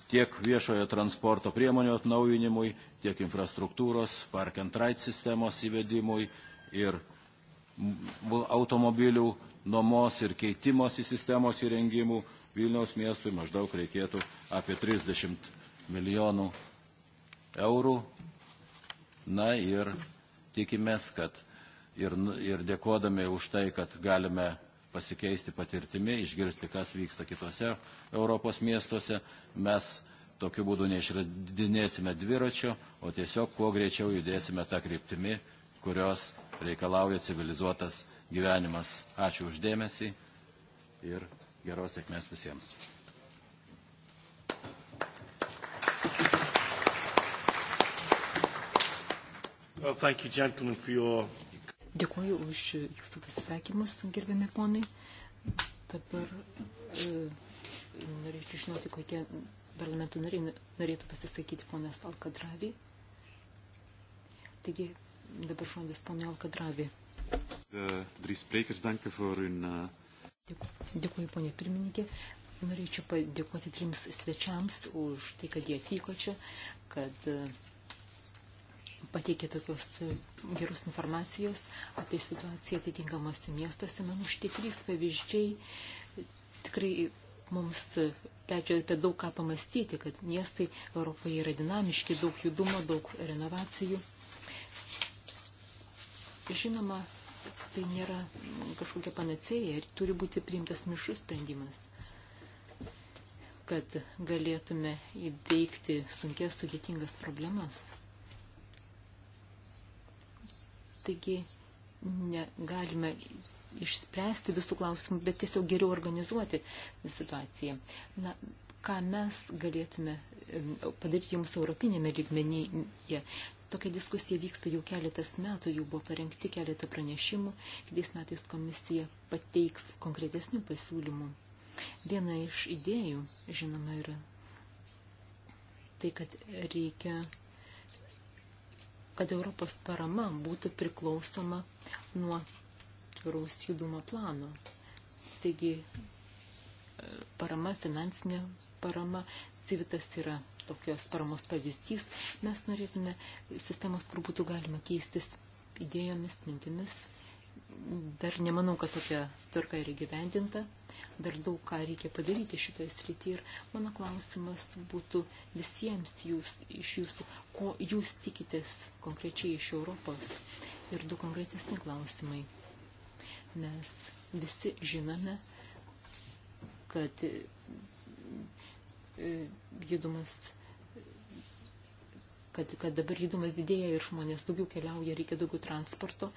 tiek viešojo transporto priemonių atnaujinimui, tiek infrastruktūros, park and ride sistemos įvedimui ir automobilių nuomos ir keitimosi sistemos įrengimų Vilniaus miestui maždaug reikėtų apie 30 milijonų eurų. Na ir tikimės, kad ir, ir dėkodami už tai, kad galime pasikeisti patirtimi, išgirsti, kas vyksta kitose Europos miestuose, mes tokiu būdu neišradinėsime dviračio, o tiesiog kuo greičiau judėsime tą kryptimi, kurios reikalauja civilizuotas gyvenimas. Ačiū uždėmesį ir geros sėkmės visiems. Well, thank you, gentlemen, for your...
Dėkuoju už jūsų pasisakymus, gerbiami ponai. Dabar e, norėčiau žinoti, kokie parlamento nariai norėtų pasisakyti ponas Alkadravi. Taigi, Dabar žodis ponė Alkadravi.
Dėkuoju,
ponė pirmininkė. Norėčiau padėkoti trims svečiams už tai, kad jie atvyko čia, kad pateikė tokios gerus informacijos apie situaciją atitinkamosi miestuose. Man šitie trys pavyzdžiai tikrai mums leidžia apie daug ką pamastyti, kad miestai Europoje yra dinamiški, daug judumo, daug renovacijų. Žinoma, tai nėra kažkokia panacėja ir turi būti priimtas mišrus sprendimas, kad galėtume įveikti sunkės sudėtingas problemas. Taigi negalime išspręsti visų klausimų, bet tiesiog geriau organizuoti situaciją. Na, ką mes galėtume padaryti jums europinėme lygmenyje, Tokia diskusija vyksta jau keletas metų, jau buvo parengti keletą pranešimų, kitais metais komisija pateiks konkretesnių pasiūlymų. Viena iš idėjų, žinoma, yra tai, kad reikia, kad Europos parama būtų priklausoma nuo tvaraus judumo plano. Taigi, e, parama, finansinė parama, civitas tai yra tokios paramos pavyzdys. Mes norėtume sistemos, kur būtų galima keistis idėjomis, mintimis. Dar nemanau, kad tokia tvarka yra gyvendinta. Dar daug ką reikia padaryti šitoje srityje. Ir mano klausimas būtų visiems jūs, iš jūsų, ko jūs tikitės konkrečiai iš Europos. Ir du konkretesni klausimai. Mes visi žinome, kad e, judumas kad, kad dabar judumas didėja ir žmonės daugiau keliauja, reikia daugiau transporto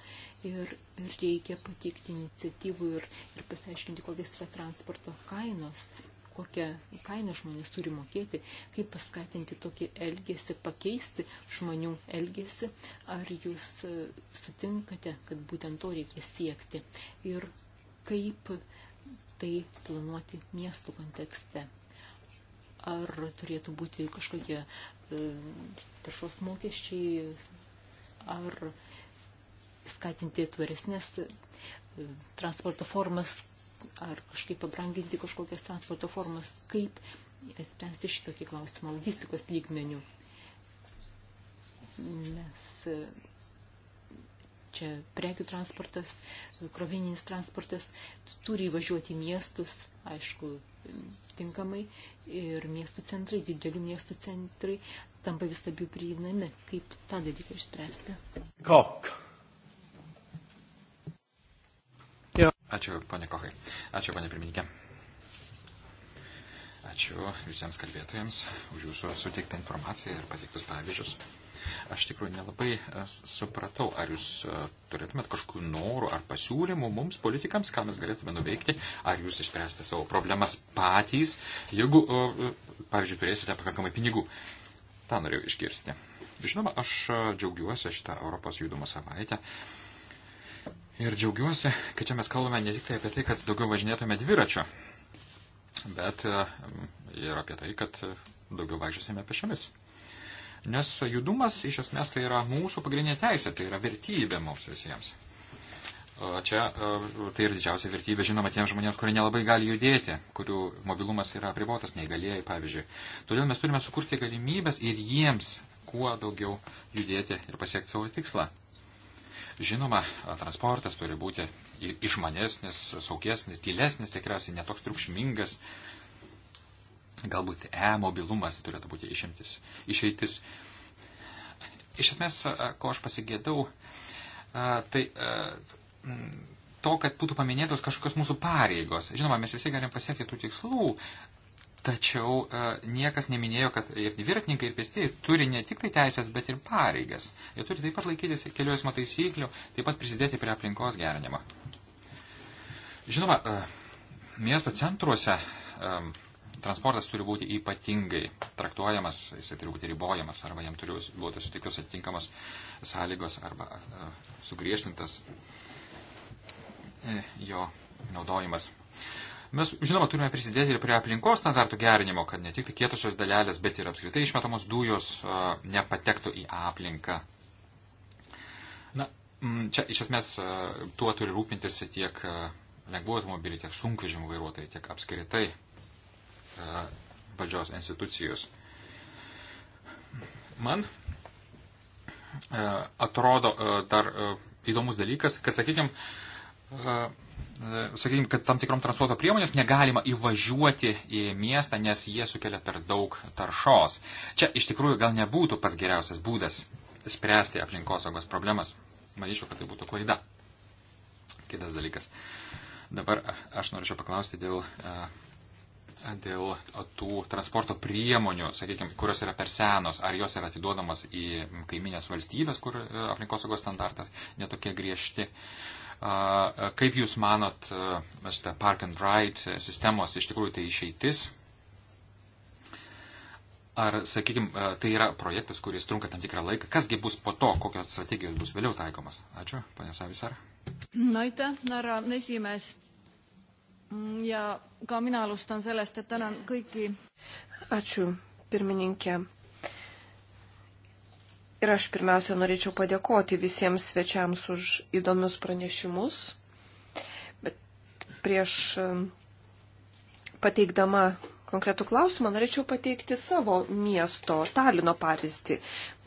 ir, ir reikia pateikti iniciatyvų ir, ir pasiaiškinti, kokias yra transporto kainos kokią kainą žmonės turi mokėti, kaip paskatinti tokį elgesį, pakeisti žmonių elgesį, ar jūs e, sutinkate, kad būtent to reikia siekti ir kaip tai planuoti miestų kontekste ar turėtų būti kažkokie E, taršos mokesčiai ar skatinti tvaresnės e, transporto formas ar kažkaip pabranginti kažkokias transporto formas, kaip spręsti šitokį klausimą logistikos lygmenių. Mes e, čia prekių transportas, krovininis transportas turi važiuoti miestus, aišku, tinkamai ir miestų centrai, didelių miestų centrai tampa vis labiau prieinami. Kaip tą dalyką išspręsti?
Kok. Jo. Ačiū, ponė Kochai. Ačiū, ponė pirmininkė. Ačiū visiems kalbėtojams už jūsų suteiktą informaciją ir pateiktus pavyzdžius. Aš tikrųjų nelabai e, supratau, ar jūs e, turėtumėt kažkokių norų ar pasiūlymų mums, politikams, ką mes galėtume nuveikti, ar jūs išspręsite savo problemas patys, jeigu, e, pavyzdžiui, turėsite pakankamai pinigų. Ta norėjau išgirsti. Žinoma, aš džiaugiuosi šitą Europos judumo savaitę. Ir džiaugiuosi, kad čia mes kalbame ne tik tai apie tai, kad daugiau važinėtume dviračio, bet ir apie tai, kad daugiau važiuosime pešiomis. Nes judumas iš esmės tai yra mūsų pagrindinė teisė, tai yra vertybė mums visiems. Čia e, tai yra didžiausia vertybė, žinoma, tiems žmonėms, kurie nelabai gali judėti, kurių mobilumas yra apribotas, neįgalėjai, pavyzdžiui. Todėl mes turime sukurti galimybės ir jiems kuo daugiau judėti ir pasiekti savo tikslą. Žinoma, transportas turi būti išmanesnis, saugesnis, gilesnis, tikriausiai netoks triukšmingas, uh, Galbūt e-mobilumas turėtų būti išimtis, išeitis. Iš esmės, e, ko aš pasigėdau, e, tai e, to, kad būtų paminėtos kažkokios mūsų pareigos. Žinoma, mes visi galim pasiekti tų tikslų, Tačiau niekas neminėjo, kad ir dviratininkai, ir pėstieji turi ne tik tai teisės, bet ir pareigas. Jie turi taip pat laikytis kelių eismo taisyklių, taip pat prisidėti prie aplinkos gerinimo. Žinoma, miesto centruose transportas turi būti ypatingai traktuojamas, jisai turi būti ribojamas, arba jam turi būti sutiktos atitinkamos sąlygos, arba e, sugriežtintas e, jo naudojimas. Mes, žinoma, turime prisidėti ir prie aplinkos standartų gerinimo, kad ne tik tai kietosios dalelės, bet ir apskritai išmetamos dujos e, nepatektų į aplinką. Na, m, čia iš esmės e, tuo turi rūpintis tiek e, lengvų automobilių, tiek sunkvežimų vairuotojai, tiek apskritai valdžios institucijos. Man atrodo dar įdomus dalykas, kad, sakykime, sakykime, kad tam tikrom transporto priemonėms negalima įvažiuoti į miestą, nes jie sukelia per daug taršos. Čia iš tikrųjų gal nebūtų pats geriausias būdas spręsti aplinkosaugos problemas. Manyčiau, kad tai būtų klaida. Kitas dalykas. Dabar aš norėčiau paklausti dėl dėl tų transporto priemonių, sakykime, kurios yra per senos, ar jos yra atiduodamas į kaiminės valstybės, kur e, aplinkosaugos standartai netokie griežti. Kaip Jūs manot, šitą e, park and ride sistemos iš tikrųjų tai išeitis? Ar, sakykime, tai yra projektas, kuris trunka tam tikrą laiką? Kasgi bus po to, kokios strategijos bus vėliau taikomas? Ačiū, ponė Savisar.
Naita, nara, nesimes. Mm, ja ka mina alustan sellest, et tänan kõiki. Ačiū, pirmininkė. Ir aš pirmiausia norėčiau padėkoti visiems svečiams už įdomius pranešimus. Bet prieš um, pateikdama konkretų klausimą, norėčiau pateikti savo miesto, Talino pavyzdį.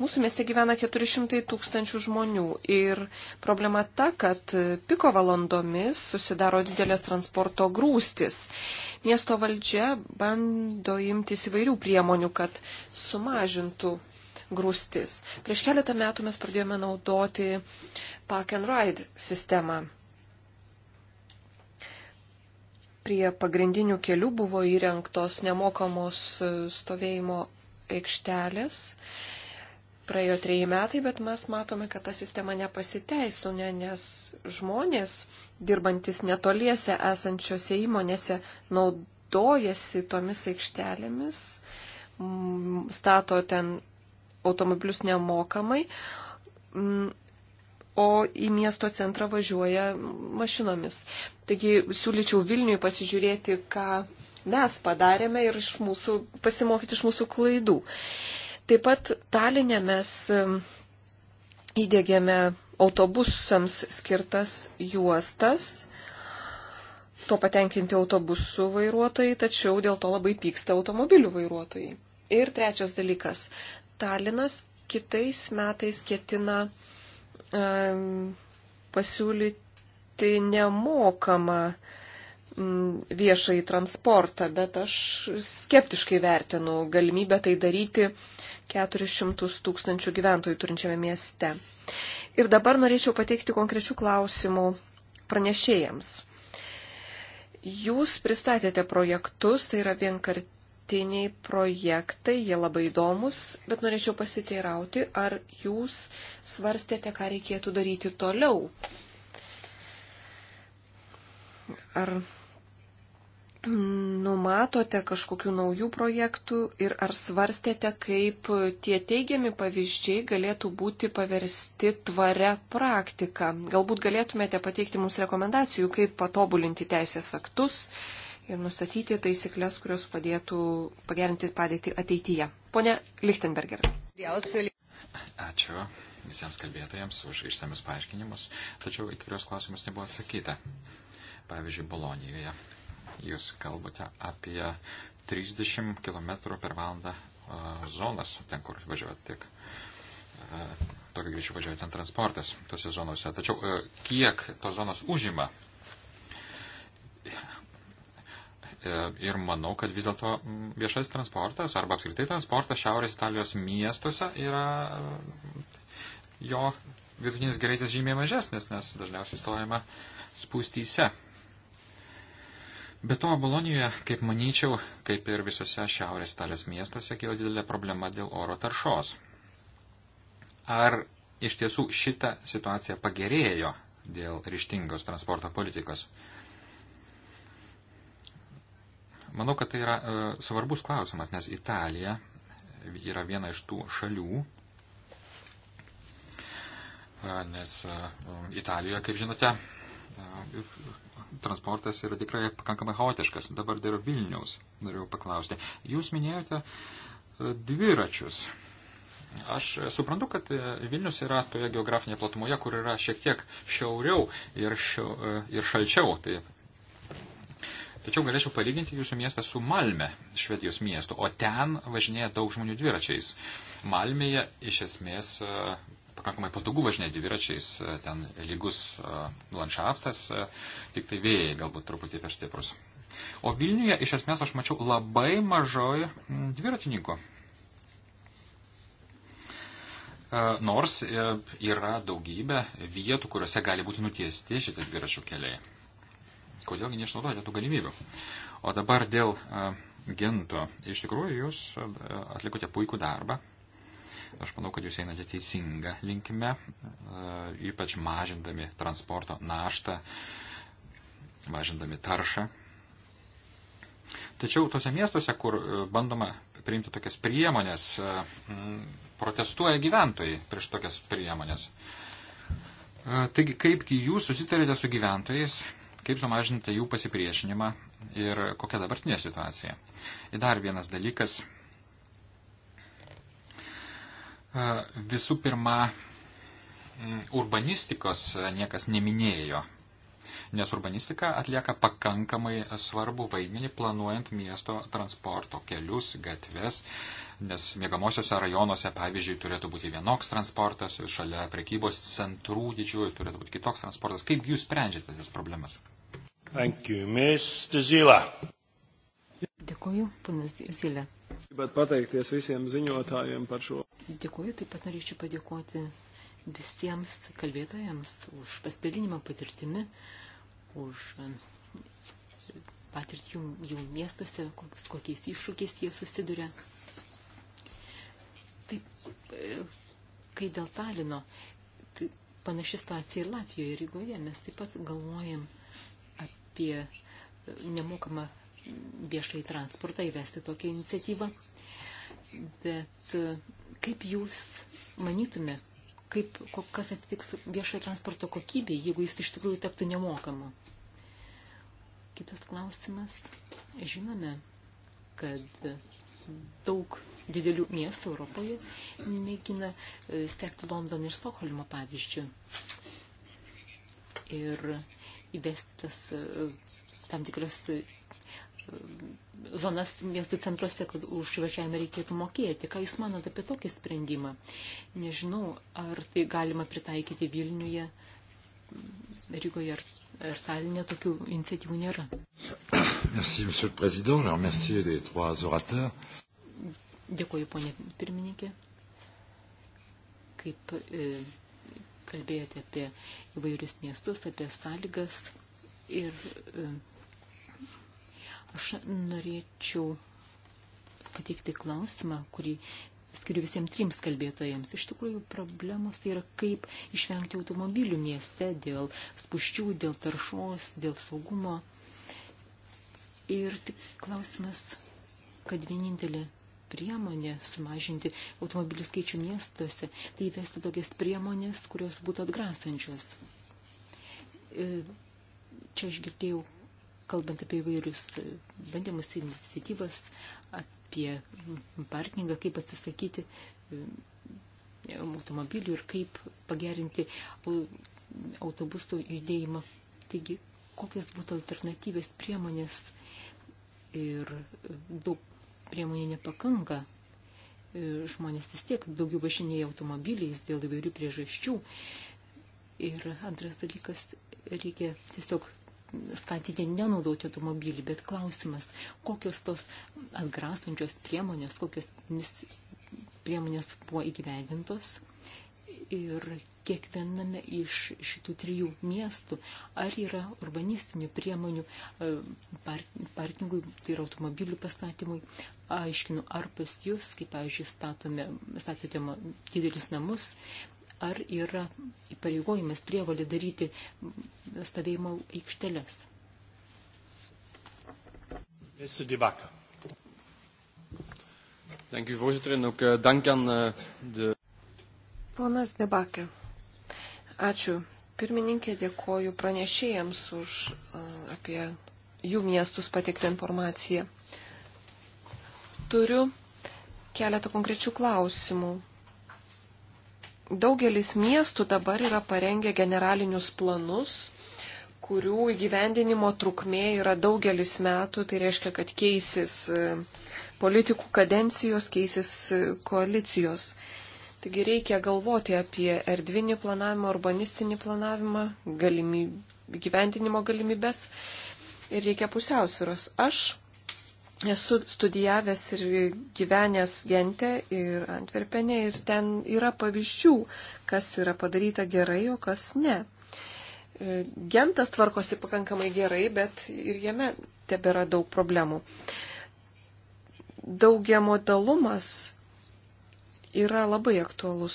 Mūsų mieste gyvena 400 tūkstančių žmonių ir problema ta, kad piko valandomis susidaro didelės transporto grūstis. Miesto valdžia bando imtis įvairių priemonių, kad sumažintų grūstis. Prieš keletą metų mes pradėjome naudoti Park and Ride sistemą. Prie pagrindinių kelių buvo įrengtos nemokamos e, stovėjimo aikštelės. Praėjo treji metai, bet mes matome, kad ta sistema nepasiteisų, ne, nes žmonės, dirbantis netoliese esančiose įmonėse, naudojasi tomis aikštelėmis, stato ten automobilius nemokamai o į miesto centrą važiuoja mašinomis. Taigi siūlyčiau Vilniui pasižiūrėti, ką mes padarėme ir iš mūsų, pasimokyti iš mūsų klaidų. Taip pat Talinė mes um, įdėgėme autobusams skirtas juostas. To patenkinti autobusų vairuotojai, tačiau dėl to labai pyksta automobilių vairuotojai. Ir trečias dalykas. Talinas kitais metais ketina uh, pasiūlyti nemokamą viešai transportą, bet aš skeptiškai vertinu galimybę tai daryti 400 tūkstančių gyventojų turinčiame mieste. Ir dabar norėčiau pateikti konkrečių klausimų pranešėjams. Jūs pristatėte projektus, tai yra vienkart dabartiniai projektai, jie labai įdomus, bet norėčiau pasiteirauti, ar jūs svarstėte, ką reikėtų daryti toliau. Ar numatote kažkokių naujų projektų ir ar svarstėte, kaip tie teigiami pavyzdžiai galėtų būti paversti tvare praktika? Galbūt galėtumėte pateikti mums rekomendacijų, kaip patobulinti teisės aktus, ir nustatyti taisyklės, kurios padėtų pagerinti padėtį ateityje. Pone Lichtenberger.
Ačiū visiems kalbėtojams už išsamius paaiškinimus, tačiau į kurios klausimus nebuvo atsakyta. Pavyzdžiui, Bolonijoje jūs kalbate apie 30 km per valandą zonas, ten kur važiuojate tik. Tokiu greičiu važiuoja ten transportas tose zonose. Tačiau kiek tos zonos užima? E, ir manau, kad vis dėlto viešas transportas arba apskritai transportas Šiaurės Italijos miestuose yra e, jo vidutinis greitis žymiai mažesnis, nes dažniausiai stojama spūstyse. Be to, Bolonijoje, kaip manyčiau, kaip ir visose šiaurės talės miestuose, kyla didelė problema dėl oro taršos. Ar iš tiesų šita situacija pagerėjo dėl ryštingos transporto politikos? Manau, kad tai yra e, svarbus klausimas, nes Italija e, yra viena iš tų šalių, e, nes Italijoje, kaip žinote, transportas yra tikrai pakankamai chaotiškas. Dabar dėl Vilniaus norėjau paklausti. Jūs minėjote dviračius. Aš suprantu, kad Vilnius yra toje geografinėje platumoje, kur yra šiek tiek šiauriau ir, šio, ir šalčiau. Tai Tačiau galėčiau palyginti jūsų miestą su Malme, Švedijos miestu, o ten važinėja daug žmonių dviračiais. Malmėje iš esmės e, pakankamai patogu važinėti dviračiais, e, ten lygus e, landšaftas, tik tai vėjai galbūt truputį per stiprus. O Vilniuje iš esmės aš mačiau labai mažoj dviratininkų. Nors yra daugybė vietų, kuriuose gali būti nutiesti šitie dviračių keliai. Kodėlgi neišnaudojate tų galimybių? O dabar dėl e, gento. Iš tikrųjų, jūs e, atlikote puikų darbą. Aš manau, kad jūs einate teisinga linkime, e, ypač mažindami transporto naštą, mažindami taršą. Tačiau tose miestuose, kur bandoma priimti tokias priemonės, protestuoja gyventojai prieš tokias priemonės. Taigi, kaipgi jūs susitarėte su gyventojais kaip sumažinti jų pasipriešinimą ir kokia dabartinė situacija. Ir dar vienas dalykas. E, visų pirma, urbanistikos niekas neminėjo, nes urbanistika atlieka pakankamai svarbu vaidmenį planuojant miesto transporto kelius, gatves, nes mėgamosiose rajonuose, pavyzdžiui, turėtų būti vienoks transportas, šalia prekybos centrų didžiųjų turėtų būti kitoks transportas. Kaip jūs sprendžiate tas problemas? Thank you, Mr. Zila.
Dėkuoju, panas Zilė.
Bet pateikties visiems ziņotājiem par šo.
Dėkuoju, taip pat norėčiau padėkoti visiems kalbėtojams už pasidalinimą patirtimi, už patirtį jų, jų miestuose, kokiais, kokiais iššūkiais jie susiduria. Taip, e, kai dėl Talino, tai panaši situacija ir Latvijoje, Rygoje, mes taip pat galvojam, apie nemokamą viešai transportą įvesti tokią iniciatyvą. Bet kaip jūs manytume, kaip, kas atitiks viešojo transporto kokybei, jeigu jis iš tikrųjų taptų nemokamu? Kitas klausimas. Žinome, kad daug didelių miestų Europoje mėgina e, stekti Londoną ir Stokholmą pavyzdžių. Ir įvestas e, tam tikras e, zonas miestų centruose, kad už važiavimą reikėtų mokėti. Ką Jūs manote apie tokį sprendimą? Nežinau, ar tai galima pritaikyti Vilniuje, Rygoje ar, ar Talinė, tokių iniciatyvų nėra.
Merci, Monsieur le Président. Alors, merci les trois orateurs.
Dėkuoju, ponė pirmininkė. Kaip e, kalbėjote apie įvairius miestus, apie sąlygas. Ir e, aš norėčiau pateikti klausimą, kurį skiriu visiems trims kalbėtojams. Iš tikrųjų, problemos tai yra kaip išvengti automobilių mieste dėl spuščių, dėl taršos, dėl saugumo. Ir tik klausimas, kad vienintelė priemonė sumažinti automobilių skaičių miestuose, tai įvesti tokias priemonės, kurios būtų atgrasančios. E, čia aš girdėjau, kalbant apie įvairius e, bandymus iniciatyvas, apie parkingą, kaip atsisakyti e, automobilių ir kaip pagerinti autobusų judėjimą. Taigi, kokios būtų alternatyvės priemonės ir daug priemonė nepakanka. E, žmonės vis tiek daugiau važinėja automobiliais dėl įvairių priežasčių. Ir antras dalykas, reikia tiesiog skatinti nenaudoti automobilį, bet klausimas, kokios tos atgrasančios priemonės, kokios priemonės buvo įgyvendintos ir kiekviename iš šitų trijų miestų, ar yra urbanistinių priemonių e, parkingui, tai yra automobilių pastatymui. Aiškinu, ar pas jūs, kaip, pavyzdžiui, statome, statote didelius namus, ar yra įpareigojimas prievalį daryti stovėjimo aikšteles.
Mr. Dibaka. Dank u voorzitter en ook uh, dank aan uh, de
Ponas Debakė. Ačiū. Pirmininkė, dėkoju pranešėjams už apie jų miestus pateiktą informaciją. Turiu keletą konkrečių klausimų. Daugelis miestų dabar yra parengę generalinius planus, kurių įgyvendinimo trukmė yra daugelis metų, tai reiškia, kad keisis e, politikų kadencijos, keisis e, koalicijos. Taigi reikia galvoti apie erdvinį planavimą, urbanistinį planavimą, galimyb... gyventinimo galimybės ir reikia pusiausvyros. Aš esu studijavęs ir gyvenęs Gente ir Antverpenė ir ten yra pavyzdžių, kas yra padaryta gerai, o kas ne. E, Gentas tvarkosi pakankamai gerai, bet ir jame tebėra daug problemų. Daugiamodalumas yra labai aktualus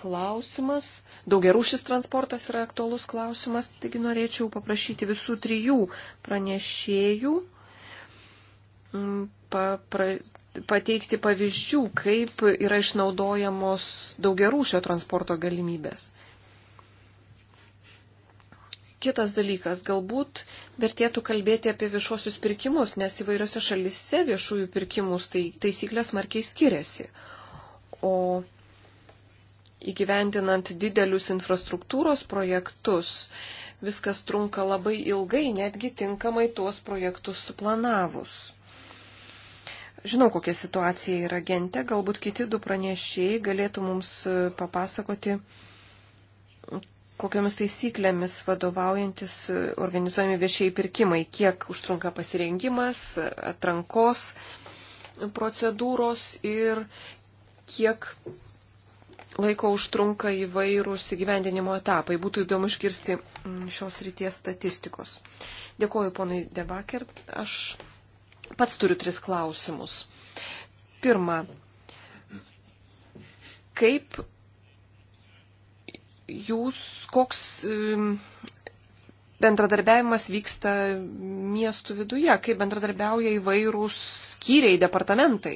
klausimas. Daugiarūšis transportas yra aktualus klausimas, taigi norėčiau paprašyti visų trijų pranešėjų mm, pa, pra, pateikti pavyzdžių, kaip yra išnaudojamos daugiarūšio transporto galimybės. Kitas dalykas, galbūt vertėtų kalbėti apie viešuosius pirkimus, nes įvairiose šalise viešųjų pirkimus tai, taisyklės markiai skiriasi. Uh, o įgyvendinant didelius infrastruktūros projektus viskas trunka labai ilgai, netgi tinkamai tuos projektus suplanavus. Žinau, kokia situacija yra gente, galbūt kiti du pranešėjai galėtų mums papasakoti, kokiamis taisyklėmis vadovaujantis organizuojami viešieji pirkimai, kiek užtrunka pasirengimas, atrankos procedūros ir kiek laiko užtrunka įvairūs įgyvendinimo etapai. Būtų įdomu išgirsti mm, šios ryties statistikos. Dėkuoju, ponai Debaker. Aš pats turiu tris klausimus. Pirma, kaip jūs, koks mm, bendradarbiavimas vyksta miestų viduje, kaip bendradarbiauja įvairūs skyriai, departamentai.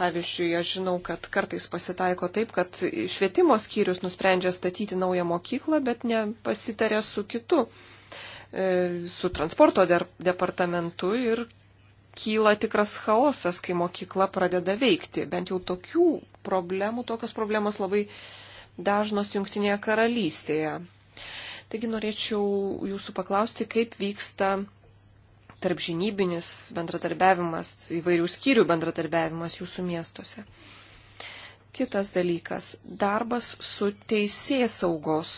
Pavyzdžiui, aš žinau, kad kartais pasitaiko taip, kad švietimo skyrius nusprendžia statyti naują mokyklą, bet nepasitarė su kitu, e, su transporto departamentu ir kyla tikras chaosas, kai mokykla pradeda veikti. Bent jau tokių problemų, tokios problemos labai dažnos Junktinėje karalystėje. Taigi norėčiau jūsų paklausti, kaip vyksta tarp žinybinis bendradarbiavimas, įvairių skyrių bendradarbiavimas jūsų miestuose. Kitas dalykas - darbas su teisės saugos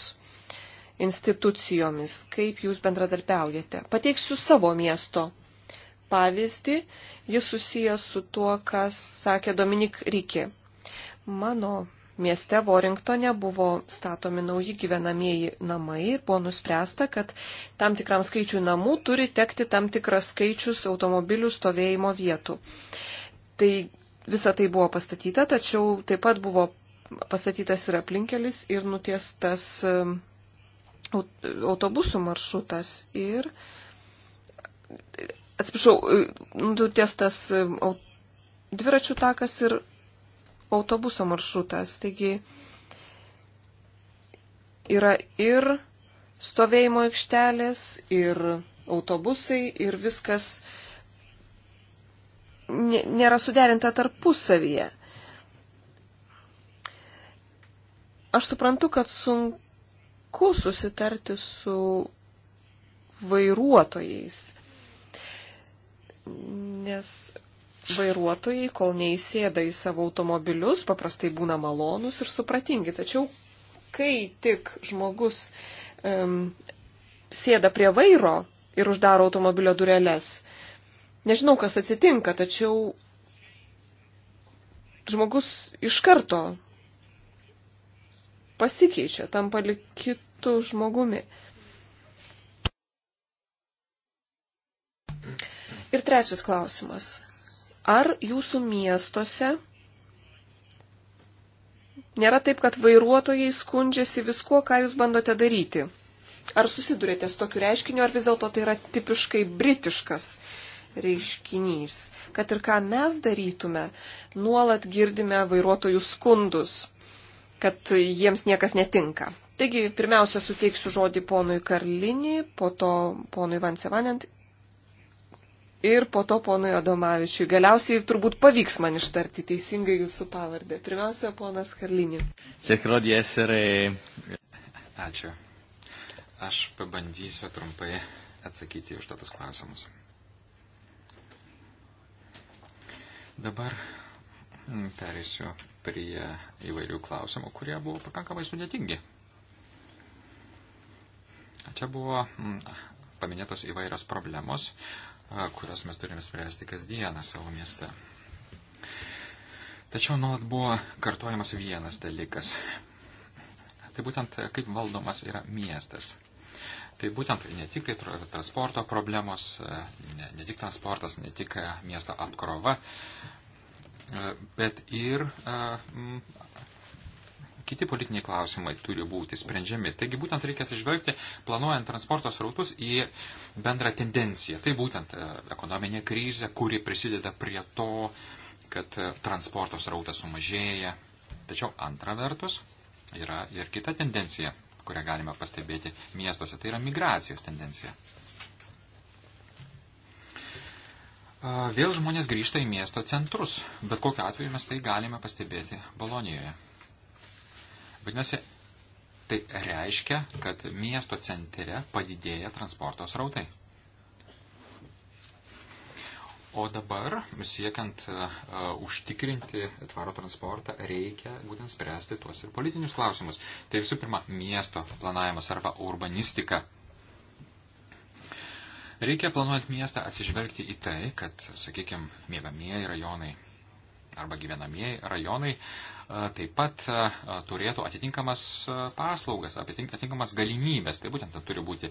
institucijomis, kaip jūs bendradarbiaujate. Pateiksiu savo miesto pavyzdį, jis susijęs su tuo, kas sakė Dominik Rykė. Mano mieste Voringtone buvo statomi nauji gyvenamieji namai ir buvo nuspręsta, kad tam tikram skaičiui namų turi tekti tam tikras skaičius automobilių stovėjimo vietų. Tai visa tai buvo pastatyta, tačiau taip pat buvo pastatytas ir aplinkelis ir nutiestas um, autobusų maršrutas ir, atsiprašau, nutiestas um, dviračių takas ir autobuso maršrutas. Taigi yra ir stovėjimo aikštelės, ir autobusai, ir viskas nėra suderinta tarpusavyje. Aš suprantu, kad sunku susitarti su vairuotojais, nes vairuotojai, kol neįsėda į savo automobilius, paprastai būna malonus ir supratingi. Tačiau, kai tik žmogus um, sėda prie vairo ir uždaro automobilio dureles, nežinau, kas atsitinka, tačiau žmogus iš karto pasikeičia, tampa kitų žmogumi. Ir trečias klausimas. Ar jūsų miestuose nėra taip, kad vairuotojai skundžiasi viskuo, ką jūs bandote daryti? Ar susidurėte su tokiu reiškiniu, ar vis dėlto tai yra tipiškai britiškas reiškinys? Kad ir ką mes darytume, nuolat girdime vairuotojų skundus, kad jiems niekas netinka. Taigi, pirmiausia, suteiksiu žodį ponui Karlinį, po to ponui Vansevanent ir po to ponui Adomavičiui. Galiausiai turbūt pavyks man ištarti teisingai jūsų pavardę. Pirmiausia, ponas Karlinė.
Cercherò di essere. Ačiū. Aš pabandysiu trumpai atsakyti už totus klausimus. Dabar mm, perėsiu prie įvairių klausimų, kurie buvo pakankamai sudėtingi. Čia buvo mm, paminėtos įvairios problemos, kurias mes turime spręsti kasdieną savo mieste. Tačiau nuolat buvo kartojamas vienas dalykas. Tai būtent kaip valdomas yra miestas. Tai būtent ne tik tai transporto problemos, ne, ne tik transportas, ne tik miesto apkrova, bet ir kiti politiniai klausimai turi būti sprendžiami. Taigi būtent reikia atsižvelgti, planuojant transporto srautus į uh, bendrą tendenciją. Tai būtent e, ekonominė krizė, kuri prisideda prie to, kad e, transporto srautas sumažėja. Tačiau antra vertus yra ir kita tendencija, kurią galime pastebėti miestuose. Tai yra migracijos tendencija. E, vėl žmonės grįžta į miesto centrus, bet kokiu atveju mes tai galime pastebėti Bolonijoje. Vadinasi, Tai reiškia, kad miesto centre padidėja transporto srautai. O dabar, siekiant uh, užtikrinti tvaro transportą, reikia būtent spręsti tuos ir politinius klausimus. Tai visų pirma, miesto planavimas arba urbanistika. Reikia planuojant miestą atsižvelgti į tai, kad, sakykime, mėgamieji rajonai arba gyvenamieji rajonai uh, taip pat turėtų atitinkamas paslaugas, atitinkamas galimybės. Tai būtent tai turi būti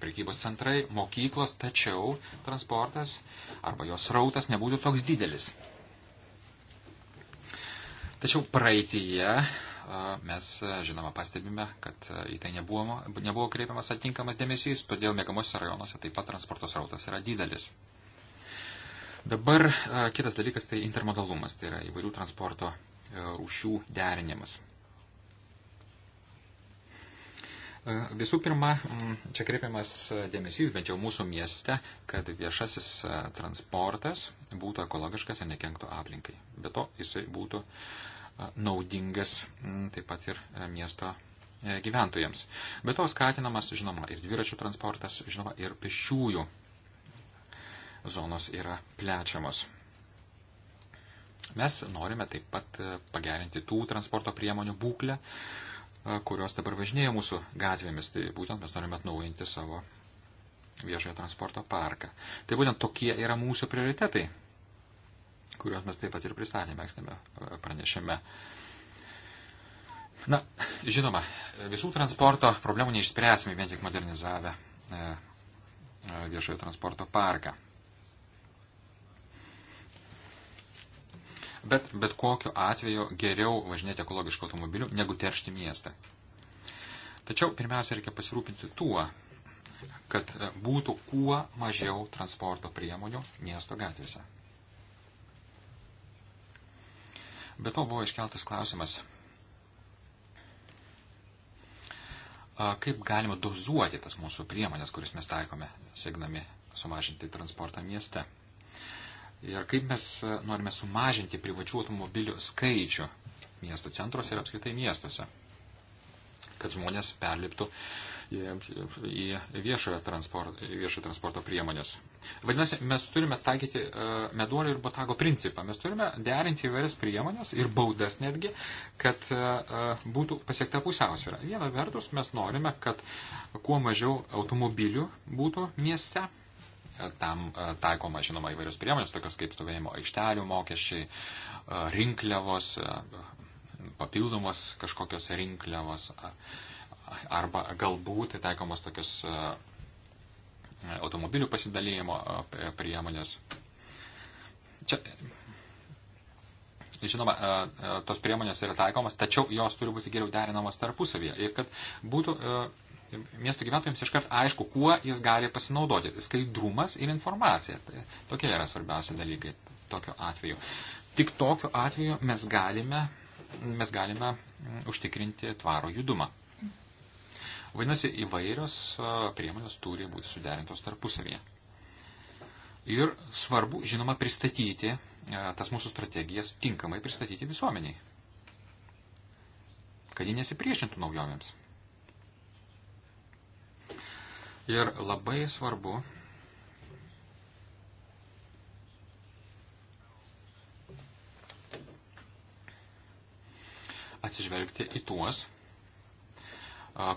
prekybos centrai, mokyklos, tačiau transportas arba jos rautas nebūtų toks didelis. Tačiau praeitįje mes, žinoma, pastebime, kad į tai nebuvo, nebuvo kreipiamas atitinkamas dėmesys, todėl mėgamosios rajonuose taip pat transporto srautas yra didelis. Dabar kitas dalykas tai intermodalumas, tai yra įvairių transporto e, rūšių derinimas. E, visų pirma, čia kreipiamas e, dėmesys, bent jau mūsų mieste, kad viešasis transportas būtų ekologiškas ir nekenktų aplinkai. Be to, jisai būtų naudingas taip pat ir miesto gyventojams. Be to skatinamas, žinoma, ir dviračių transportas, žinoma, ir pešiųjų zonos yra plečiamos. Mes norime taip pat e, pagerinti tų transporto priemonių būklę, e, kurios dabar važinėja mūsų gatvėmis. Tai būtent mes norime atnaujinti savo viešojo transporto parką. Tai būtent tokie yra mūsų prioritetai, kuriuos mes taip pat ir pristatėme, ekstame e, pranešime. Na, žinoma, visų transporto problemų neišspręsime vien tik modernizavę viešojo transporto parką. bet bet kokiu atveju geriau važinėti ekologišku automobiliu, negu teršti miestą. Tačiau pirmiausia reikia pasirūpinti tuo, kad e, būtų kuo mažiau transporto priemonių miesto gatvėse. Be to buvo iškeltas klausimas, kaip galima dozuoti tas mūsų priemonės, kuris mes taikome, siekdami sumažinti transportą mieste ir kaip mes e, norime sumažinti privačių automobilių skaičių miesto centruose ir apskritai miestuose, kad žmonės perliptų į, į viešojo transporto, viešojo transporto priemonės. Vadinasi, mes turime taikyti e, meduolio ir botago principą. Mes turime derinti įvairias priemonės ir baudas netgi, kad e, būtų pasiekta pusiausvėra. Viena vertus, mes norime, kad kuo mažiau automobilių būtų mieste Tam e, taikoma, žinoma, įvairios priemonės, tokios kaip stovėjimo aikštelių mokesčiai, e, rinkliavos, e, papildomos kažkokios rinkliavos, arba galbūt taikomos tokios automobilių pasidalymo priemonės. Čia žinoma, tos priemonės yra taikomos, tačiau jos turi būti geriau derinamos tarpusavyje. Ir kad būtų miesto gyventojams iškart aišku, kuo jis gali pasinaudoti. Tai skaidrumas ir informacija. Tai tokie yra svarbiausia dalykai tokiu atveju. Tik tokiu atveju mes galime, mes galime mm, užtikrinti tvaro judumą. Vadinasi, įvairios priemonės turi būti suderintos tarpusavėje. Ir svarbu, žinoma, pristatyti tas mūsų strategijas tinkamai pristatyti visuomeniai, kad ji nesipriešintų naujovėms. Ir labai svarbu, atsižvelgti į tuos,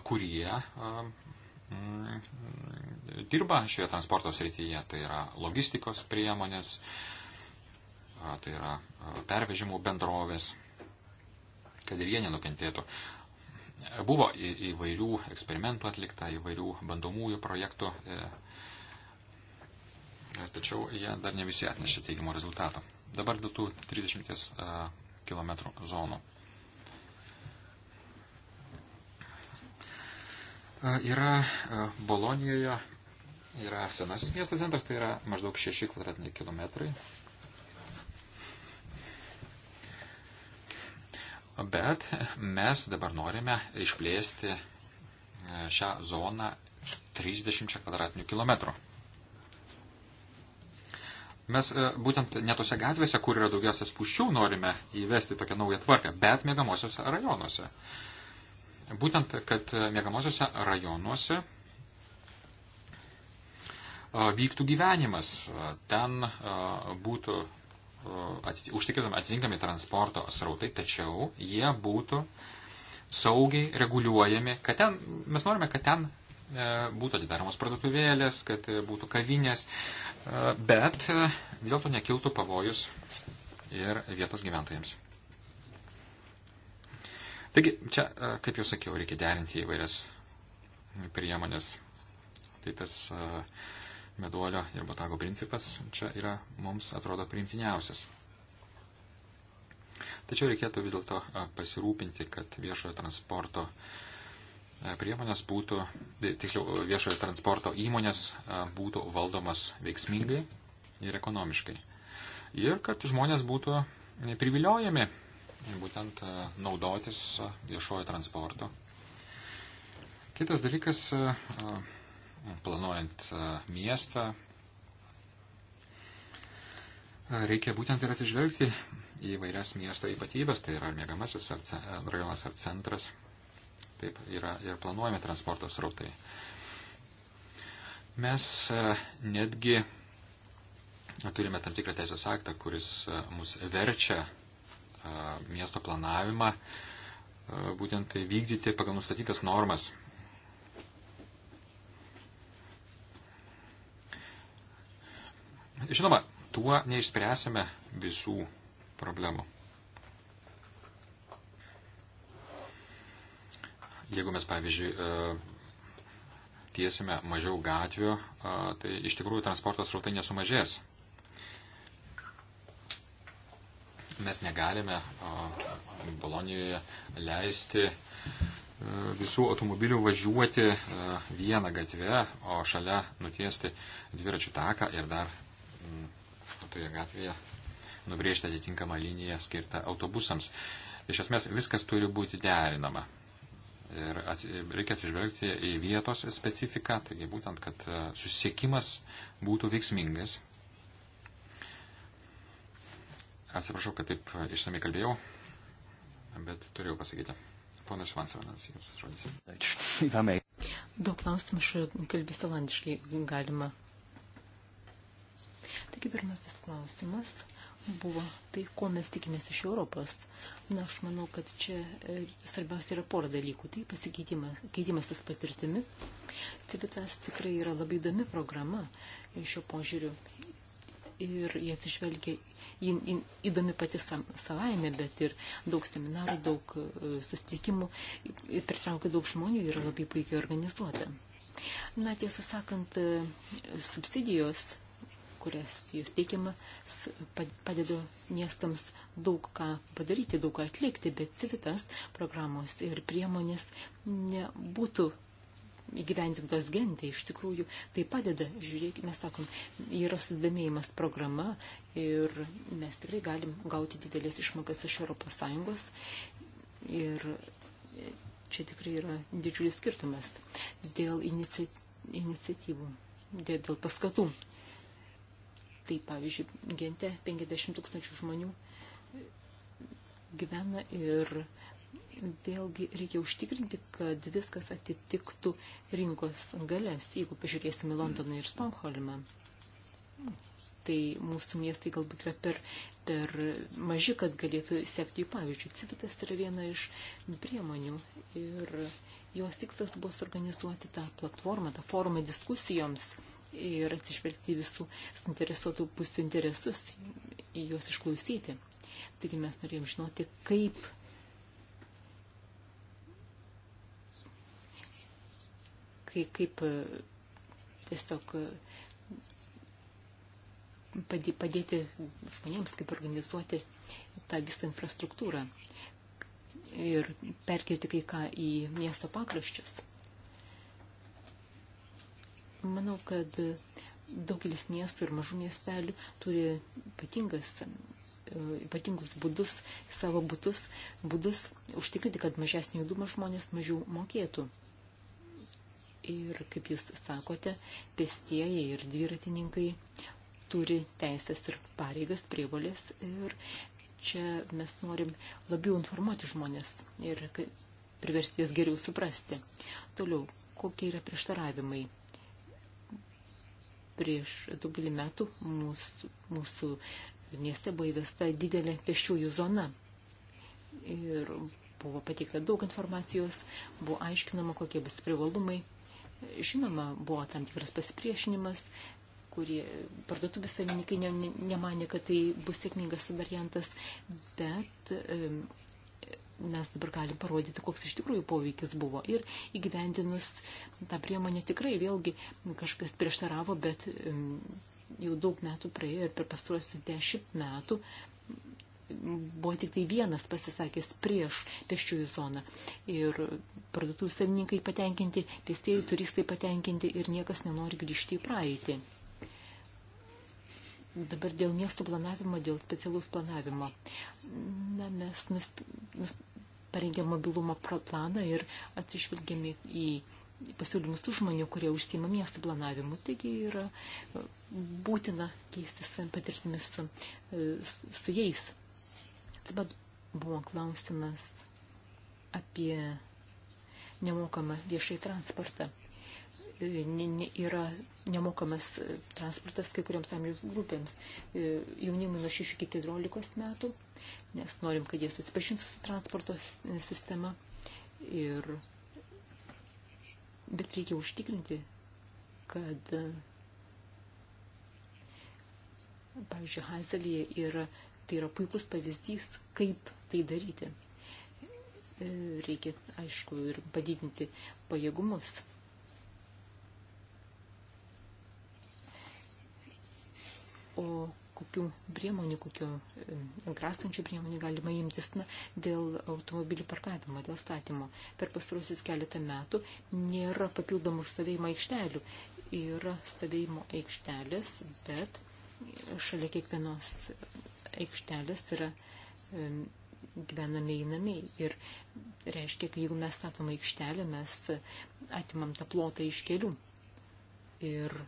kurie mm, dirba šioje transporto srityje, tai yra logistikos priemonės, tai yra pervežimų bendrovės, kad ir jie nenukentėtų. Buvo įvairių eksperimentų atlikta, įvairių bandomųjų projektų, e, tačiau jie dar ne visi atnešė teigiamų rezultatų. Dabar dėl tų 30 e, km zonų. E, yra Bolonijoje, yra senasis miesto centras, tai yra maždaug 6 kvadratiniai kilometrai Bet mes dabar norime išplėsti e, šią zoną 30 kvadratinių kilometrų. Mes e, būtent netose gatvėse, kur yra daugiausia spuščių, norime įvesti tokią naują tvarką, bet mėgamosiose rajonuose. Būtent, kad e, mėgamosiose rajonuose vyktų gyvenimas, ten būtų atiti, užtikrinami atitinkami transporto srautai, tačiau jie būtų saugiai reguliuojami, kad ten, mes norime, kad ten e, būtų atidaromos parduotuvėlės, kad e, būtų kavinės, e, bet vis dėlto nekiltų pavojus ir vietos gyventojams. Taigi, čia, kaip jau sakiau, reikia derinti įvairias priemonės. Tai tas uh, meduolio ir botago principas čia yra mums atrodo priimtiniausias. Tačiau reikėtų vis dėlto pasirūpinti, kad viešojo transporto priemonės būtų, tai tiksliau, viešojo transporto įmonės būtų valdomas veiksmingai ir ekonomiškai. Ir kad žmonės būtų priviliojami būtent naudotis viešojo transporto. Kitas dalykas planuojant e, miestą, e, reikia būtent ir atsižvelgti į vairias miesto ypatybės, tai yra mėgamasis ar e, rajonas ar centras, taip yra ir planuojami transporto srautai. Mes netgi turime tam tikrą teisės aktą, kuris mus verčia miesto planavimą būtent tai vykdyti pagal nustatytas normas Žinoma, tuo neišspręsime visų problemų. Jeigu mes, pavyzdžiui, e, tiesime mažiau gatvių, e, tai iš tikrųjų transportos rautai nesumažės. Mes negalime e, Bolonijoje leisti visų automobilių važiuoti vieną gatvę, o šalia nutiesti dviračių taką ir dar toje gatvėje nubrėžti atitinkamą liniją skirtą autobusams. Iš esmės viskas turi būti derinama. Ir ats, reikia atsižvelgti į vietos specifiką, taigi būtent, kad e, susiekimas būtų veiksmingas. Atsiprašau, kad taip e, išsamei kalbėjau, bet turėjau pasakyti. Ponas Vansavinas, jums žodis.
Daug klausimų, aš kalbėsiu olandiškai, galima Taigi pirmasis klausimas buvo tai, ko mes tikimės iš Europos. Na, aš manau, kad čia e, svarbiausia yra pora dalykų. Tai pasikeitimas, keitimasis patirtimi. Civitas tikrai yra labai įdomi programa šio požiūriu. Ir jie atsižvelgia į, į, įdomi pati savaime, bet ir daug seminarų, daug e, susitikimų, pritraukia daug žmonių ir yra labai puikiai organizuota. Na, tiesą sakant, e, subsidijos kurias jūs teikiamas, padeda miestams daug ką padaryti, daug ką atlikti, bet civitas programos ir priemonės nebūtų įgyvendintos gentai, iš tikrųjų, tai padeda, žiūrėkime, mes sakom, yra sudomėjimas programa ir mes tikrai galim gauti didelės išmokas iš Europos Sąjungos ir čia tikrai yra didžiulis skirtumas dėl inici, iniciatyvų, dėl, dėl paskatų. Tai pavyzdžiui, gente 50 tūkstančių žmonių gyvena ir vėlgi reikia užtikrinti, kad viskas atitiktų rinkos galės, jeigu pažiūrėsime Londoną ir Stokholmą. Tai mūsų miestai galbūt yra per, per maži, kad galėtų sekti jų pavyzdžių. Civitas yra viena iš priemonių ir jos tikslas buvo suorganizuoti tą platformą, tą forumą diskusijoms ir atsižvelgti visų suinteresuotų pusių interesus, juos išklausyti. Taigi mes norėjom žinoti, kaip kai, kaip e, tiesiog e, padėti žmonėms, kaip organizuoti tą visą infrastruktūrą ir perkelti kai ką į miesto pakraščius. Manau, kad daugelis miestų ir mažų miestelių turi ypatingas e, ypatingus būdus, savo būtus, būdus užtikrinti, kad mažesnį judumą žmonės mažiau mokėtų. Ir, kaip jūs sakote, pėstieji ir dviratininkai turi teisės ir pareigas, prievolės ir čia mes norim labiau informuoti žmonės ir priversti jas geriau suprasti. Toliau, kokie yra prieštaravimai prieš daugelį metų mūsų, mūsų mieste buvo įvesta didelė pešiųjų zona. Ir buvo pateikta daug informacijos, buvo aiškinama, kokie bus privalumai. Žinoma, buvo tam tikras pasipriešinimas, kurį parduotuvės savininkai ne, ne, nemanė, kad tai bus sėkmingas variantas, bet e, mes dabar galim parodyti, koks iš tikrųjų poveikis buvo. Ir įgyvendinus tą priemonę tikrai vėlgi kažkas prieštaravo, bet jau daug metų praėjo ir per pastaruosius dešimt metų buvo tik tai vienas pasisakęs prieš pėsčiųjų zoną. Ir parduotuvų savininkai patenkinti, pėstieji turistai patenkinti ir niekas nenori grįžti į praeitį. Dabar dėl miestų planavimo, dėl specialaus planavimo. Na, mes nus, nus, parengė mobilumo planą ir atsižvelgėme į pasiūlymus tų žmonių, kurie užsima miestų planavimu. Taigi yra e, būtina keistis patirtimis su, e, su, su jais. Taip pat buvo klausimas apie nemokamą viešai transportą yra nemokamas e, transportas kai kuriams amžiaus grupėms, e, jaunimui nuo 6 iki 14 metų, nes norim, kad jie susipažintų su transporto e, sistema. Ir, bet reikia užtikrinti, kad, pavyzdžiui, Hazelėje yra, tai yra puikus pavyzdys, kaip tai daryti reikia, aišku, ir padidinti pajėgumus o kokių priemonių, kokių e, grastančių priemonių galima imtis na, dėl automobilių parkavimo, dėl statymo. Per pastarusius keletą metų nėra papildomų stovėjimo aikštelių. Yra stovėjimo aikštelės, bet šalia kiekvienos aikštelės yra e, gyvenamieji namiai. Ir reiškia, kad jeigu mes statom aikštelę, mes atimam tą plotą iš kelių. Ir e,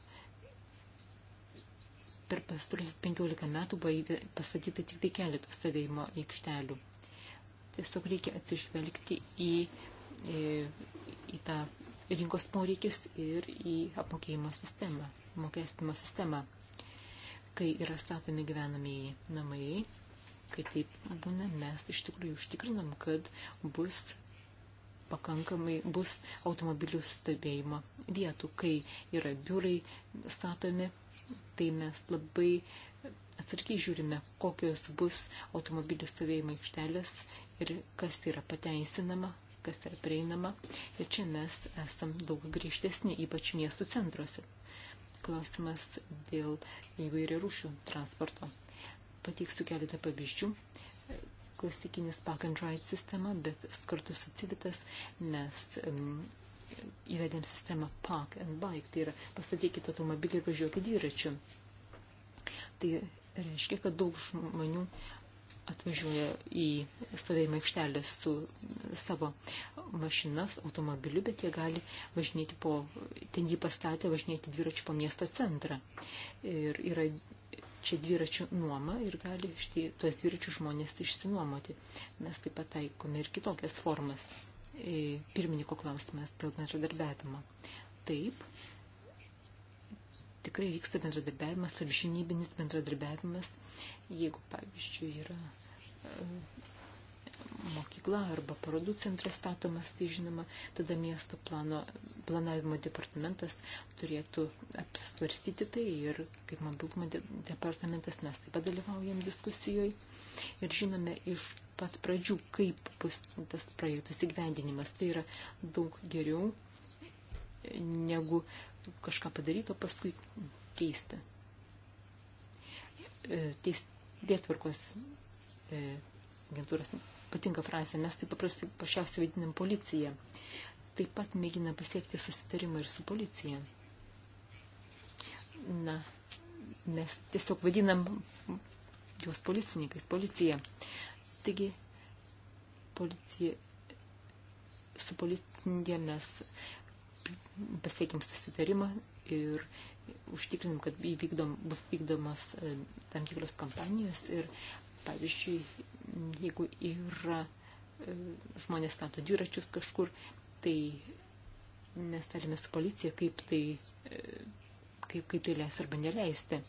per pastarusius 15 metų buvo pastatyta tik tai keletų stovėjimo aikštelių. Tiesiog reikia atsižvelgti į, į, į tą rinkos poreikis ir į apmokėjimo sistemą, mokestimo sistemą. Kai yra statomi gyvenamieji namai, kai taip būna, mes iš tikrųjų užtikrinam, kad bus pakankamai bus automobilių stebėjimo vietų, kai yra biurai statomi, tai mes labai atsargiai žiūrime, kokios bus automobilių stovėjimo aikštelės ir kas yra pateisinama, kas yra prieinama. Ir čia mes esam daug griežtesni, ypač miestų centruose. Klausimas dėl įvairių rūšių transporto. Pateiksiu keletą pavyzdžių. Klasikinis pack and ride sistema, bet kartu su civitas mes um, įvedėm sistemą park and bike, tai yra pastatykite automobilį ir važiuokit dviračiu. Tai reiškia, kad daug žmonių atvažiuoja į stovėjimą aikštelę su savo mašinas, automobiliu, bet jie gali važinėti po, ten jį pastatę, važinėti dviračiu po miesto centrą. Ir yra čia dviračių nuoma ir gali štai tuos dviračius žmonės išsinuomoti. Mes taip pat taikome ir kitokias formas pirmininko klausimas dėl bendradarbiavimo. Taip, tikrai vyksta bendradarbiavimas, apžinybinis bendradarbiavimas, jeigu, pavyzdžiui, yra e, mokykla arba parodų centras statomas, tai žinoma, tada miesto plano, planavimo departamentas turėtų apsvarstyti tai ir kaip mobilumo departamentas mes taip pat dalyvaujam diskusijoje ir žinome iš pat pradžių, kaip bus tas projektas įgyvendinimas. Tai yra daug geriau negu kažką padaryto paskui keisti. Teis, e, dėtvarkos e, agentūros patinka frazė, mes taip paprastai pašiausiai vaidinam policiją. Taip pat mėgina pasiekti susitarimą ir su policija. Na, mes tiesiog vadinam jos policininkais, policija. Taigi, policija, su policija mes pasiekėm susitarimą ir užtikrinim, kad įvykdom, bus vykdomas e, tam tikros kampanijos ir, pavyzdžiui, jeigu yra e, žmonės stato dviračius kažkur, tai mes tarėme su policija, kaip tai, e, kaip, kaip tai leis arba neleisti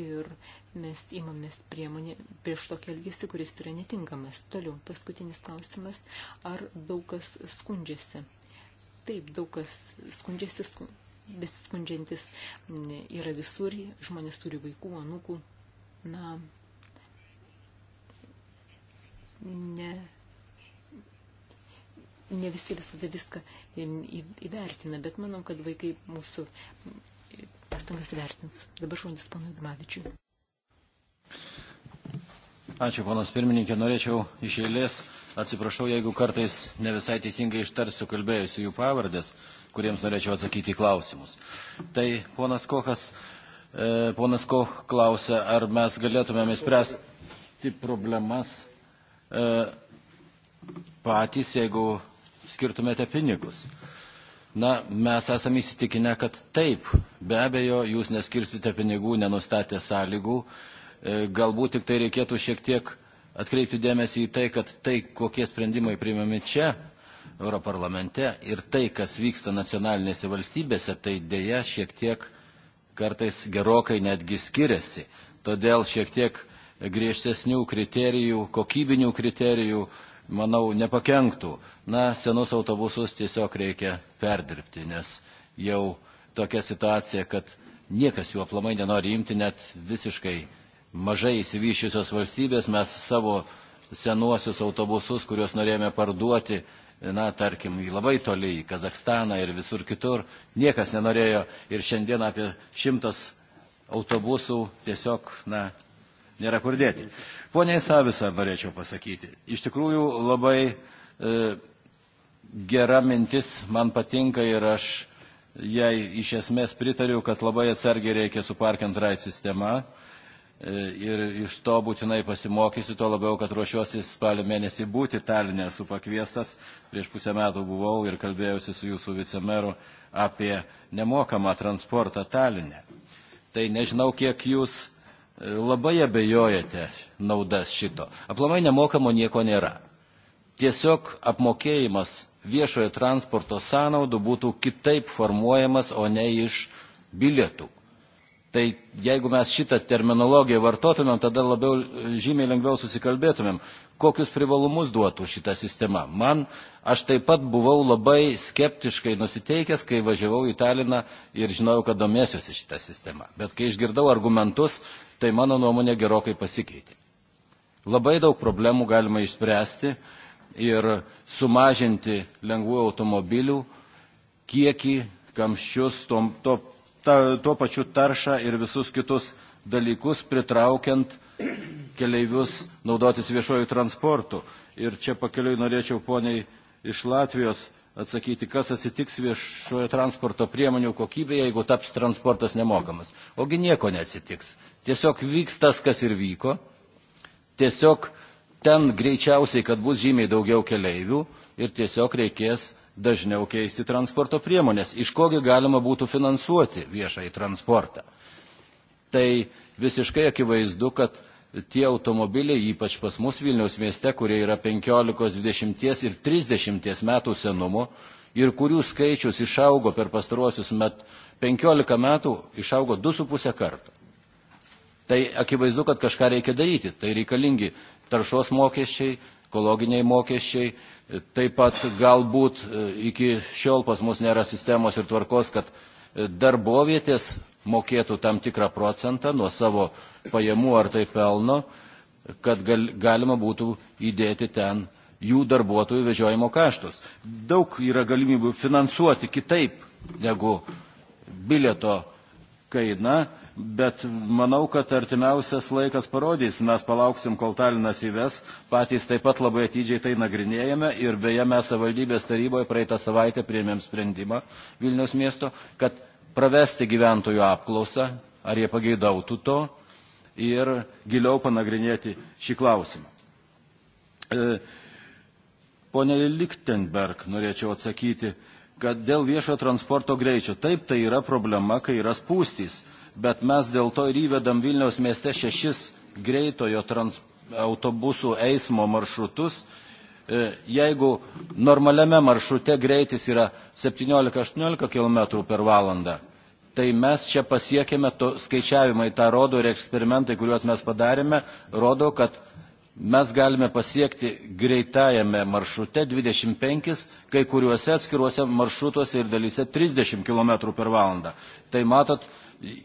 ir mes įmamės priemonė prieš tokį elgesį, kuris yra netinkamas. Toliau, paskutinis klausimas, ar daug kas skundžiasi? Taip, daug kas skundžiasi, sku, besiskundžiantis yra visur, žmonės turi vaikų, anūkų. Na, ne, ne visi visada viską įvertina, bet manau, kad vaikai mūsų pastangas vertins. Dabar žodis ponui Gmavičiui.
Ačiū, ponas pirmininkė. Norėčiau iš eilės, atsiprašau, jeigu kartais ne visai teisingai ištarsiu kalbėjusių jų pavardės, kuriems norėčiau atsakyti į klausimus. Tai ponas Kochas, e, ponas Koch klausia, ar mes galėtumėme spręsti problemas e, patys, jeigu skirtumėte pinigus. Na, mes esame įsitikinę, kad taip, be abejo, jūs neskirstite pinigų, nenustatė sąlygų. E, galbūt tik tai reikėtų šiek tiek atkreipti dėmesį į tai, kad tai, kokie sprendimai priimami čia, Europarlamente, ir tai, kas vyksta nacionalinėse valstybėse, tai dėja šiek tiek kartais gerokai netgi skiriasi. Todėl šiek tiek griežtesnių kriterijų, kokybinių kriterijų manau, nepakenktų. Na, senus autobusus tiesiog reikia perdirbti, nes jau tokia situacija, kad niekas jų aplamai nenori imti, net visiškai mažai įsivyšiusios valstybės mes savo senuosius autobusus, kuriuos norėjome parduoti, na, tarkim, į labai toli, į Kazakstaną ir visur kitur, niekas nenorėjo ir šiandien apie šimtas autobusų tiesiog, na, nėra kur dėti. Pone Savisa norėčiau pasakyti. Iš tikrųjų labai e, gera mintis, man patinka ir aš jai iš esmės pritariu, kad labai atsargiai reikia su parkint rait sistema. E, ir iš to būtinai pasimokysiu, to labiau, kad ruošiuosi spalio mėnesį būti Talinė su pakviestas. Prieš pusę metų buvau ir kalbėjausi su jūsų vicemeru apie nemokamą transportą Talinė. Tai nežinau, kiek jūs labai abejojate naudas šito. Aplamai nemokamo nieko nėra. Tiesiog apmokėjimas viešojo transporto sąnaudų būtų kitaip formuojamas, o ne iš bilietų. Tai jeigu mes šitą terminologiją vartotumėm, tada labiau žymiai lengviau susikalbėtumėm, kokius privalumus duotų šitą sistemą. Man aš taip pat buvau labai skeptiškai nusiteikęs, kai važiavau į Taliną ir žinojau, kad domėsiuosi šitą sistemą. Bet kai išgirdau argumentus, tai mano nuomonė gerokai pasikeitė. Labai daug problemų galima išspręsti ir sumažinti lengvų automobilių kiekį, kamščius, tom, to, ta, tuo pačiu taršą ir visus kitus dalykus pritraukiant keleivius naudotis viešojų transportų. Ir čia pakeliui norėčiau poniai iš Latvijos atsakyti, kas atsitiks viešojo transporto priemonių kokybėje, jeigu taps transportas nemokamas. Ogi nieko neatsitiks. Tiesiog vyks tas, kas ir vyko. Tiesiog ten greičiausiai, kad bus žymiai daugiau keleivių ir tiesiog reikės dažniau keisti transporto priemonės. Iš kogi galima būtų finansuoti viešai transportą. Tai visiškai akivaizdu, kad tie automobiliai, ypač pas mus Vilniaus mieste, kurie yra 15, 20 ir 30 metų senumo ir kurių skaičius išaugo per pastaruosius met 15 metų, išaugo 2,5 kartų. Tai akivaizdu, kad kažką reikia daryti. Tai reikalingi taršos mokesčiai, ekologiniai mokesčiai. Taip pat galbūt e, iki šiol pas mus nėra sistemos ir tvarkos, kad e, darbovietės mokėtų tam tikrą procentą nuo savo pajamų ar tai pelno, kad gal, galima būtų įdėti ten jų darbuotojų vežiojimo kaštus. Daug yra galimybių finansuoti kitaip negu bilieto kaina bet manau, kad artimiausias laikas parodys. Mes palauksim, kol Talinas įves, patys taip pat labai atidžiai tai nagrinėjame ir beje mes savivaldybės taryboje praeitą savaitę priėmėm sprendimą Vilniaus miesto, kad pravesti gyventojų apklausą, ar jie pageidautų to ir giliau panagrinėti šį klausimą. E, pone Lichtenberg, norėčiau atsakyti, kad dėl viešojo transporto greičio. Taip, tai yra problema, kai yra spūstys bet mes dėl to ir įvedam Vilniaus mieste šešis greitojo trans, autobusų eismo maršrutus. E, jeigu normaliame maršrute greitis yra 17-18 km per valandą, tai mes čia pasiekėme, to, skaičiavimai tą rodo ir eksperimentai, kuriuos mes padarėme, rodo, kad mes galime pasiekti greitajame maršrute 25, kai kuriuose atskiruose maršrutuose ir dalyse 30 km per valandą. Tai matot,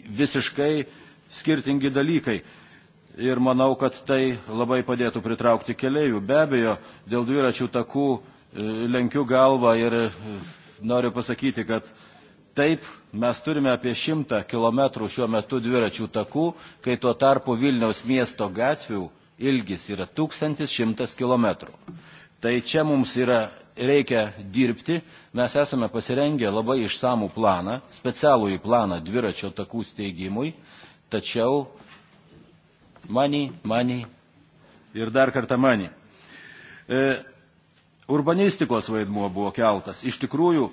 visiškai skirtingi dalykai. Ir manau, kad tai labai padėtų pritraukti keleivių. Be abejo, dėl dviračių takų e, lenkiu galvą ir e, noriu pasakyti, kad taip mes turime apie šimtą kilometrų šiuo metu dviračių takų, kai tuo tarpu Vilniaus miesto gatvių ilgis yra 1100 kilometrų. Tai čia mums yra reikia dirbti. Mes esame pasirengę labai išsamų planą, specialų į planą dviračio takų steigimui, tačiau maniai, maniai ir dar kartą maniai. E, urbanistikos vaidmuo buvo keltas. Iš tikrųjų,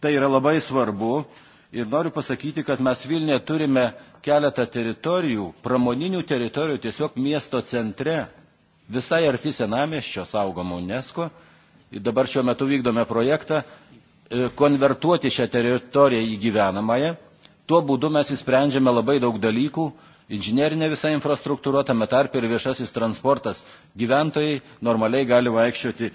tai yra labai svarbu ir noriu pasakyti, kad mes Vilniuje turime keletą teritorijų, pramoninių teritorijų tiesiog miesto centre, visai arti senamiesčio saugomo UNESCO dabar šiuo metu vykdome projektą, e, konvertuoti šią teritoriją į gyvenamąją. Tuo būdu mes įsprendžiame labai daug dalykų, inžinierinė visa infrastruktūra, tame tarp ir viešasis transportas. Gyventojai normaliai gali vaikščioti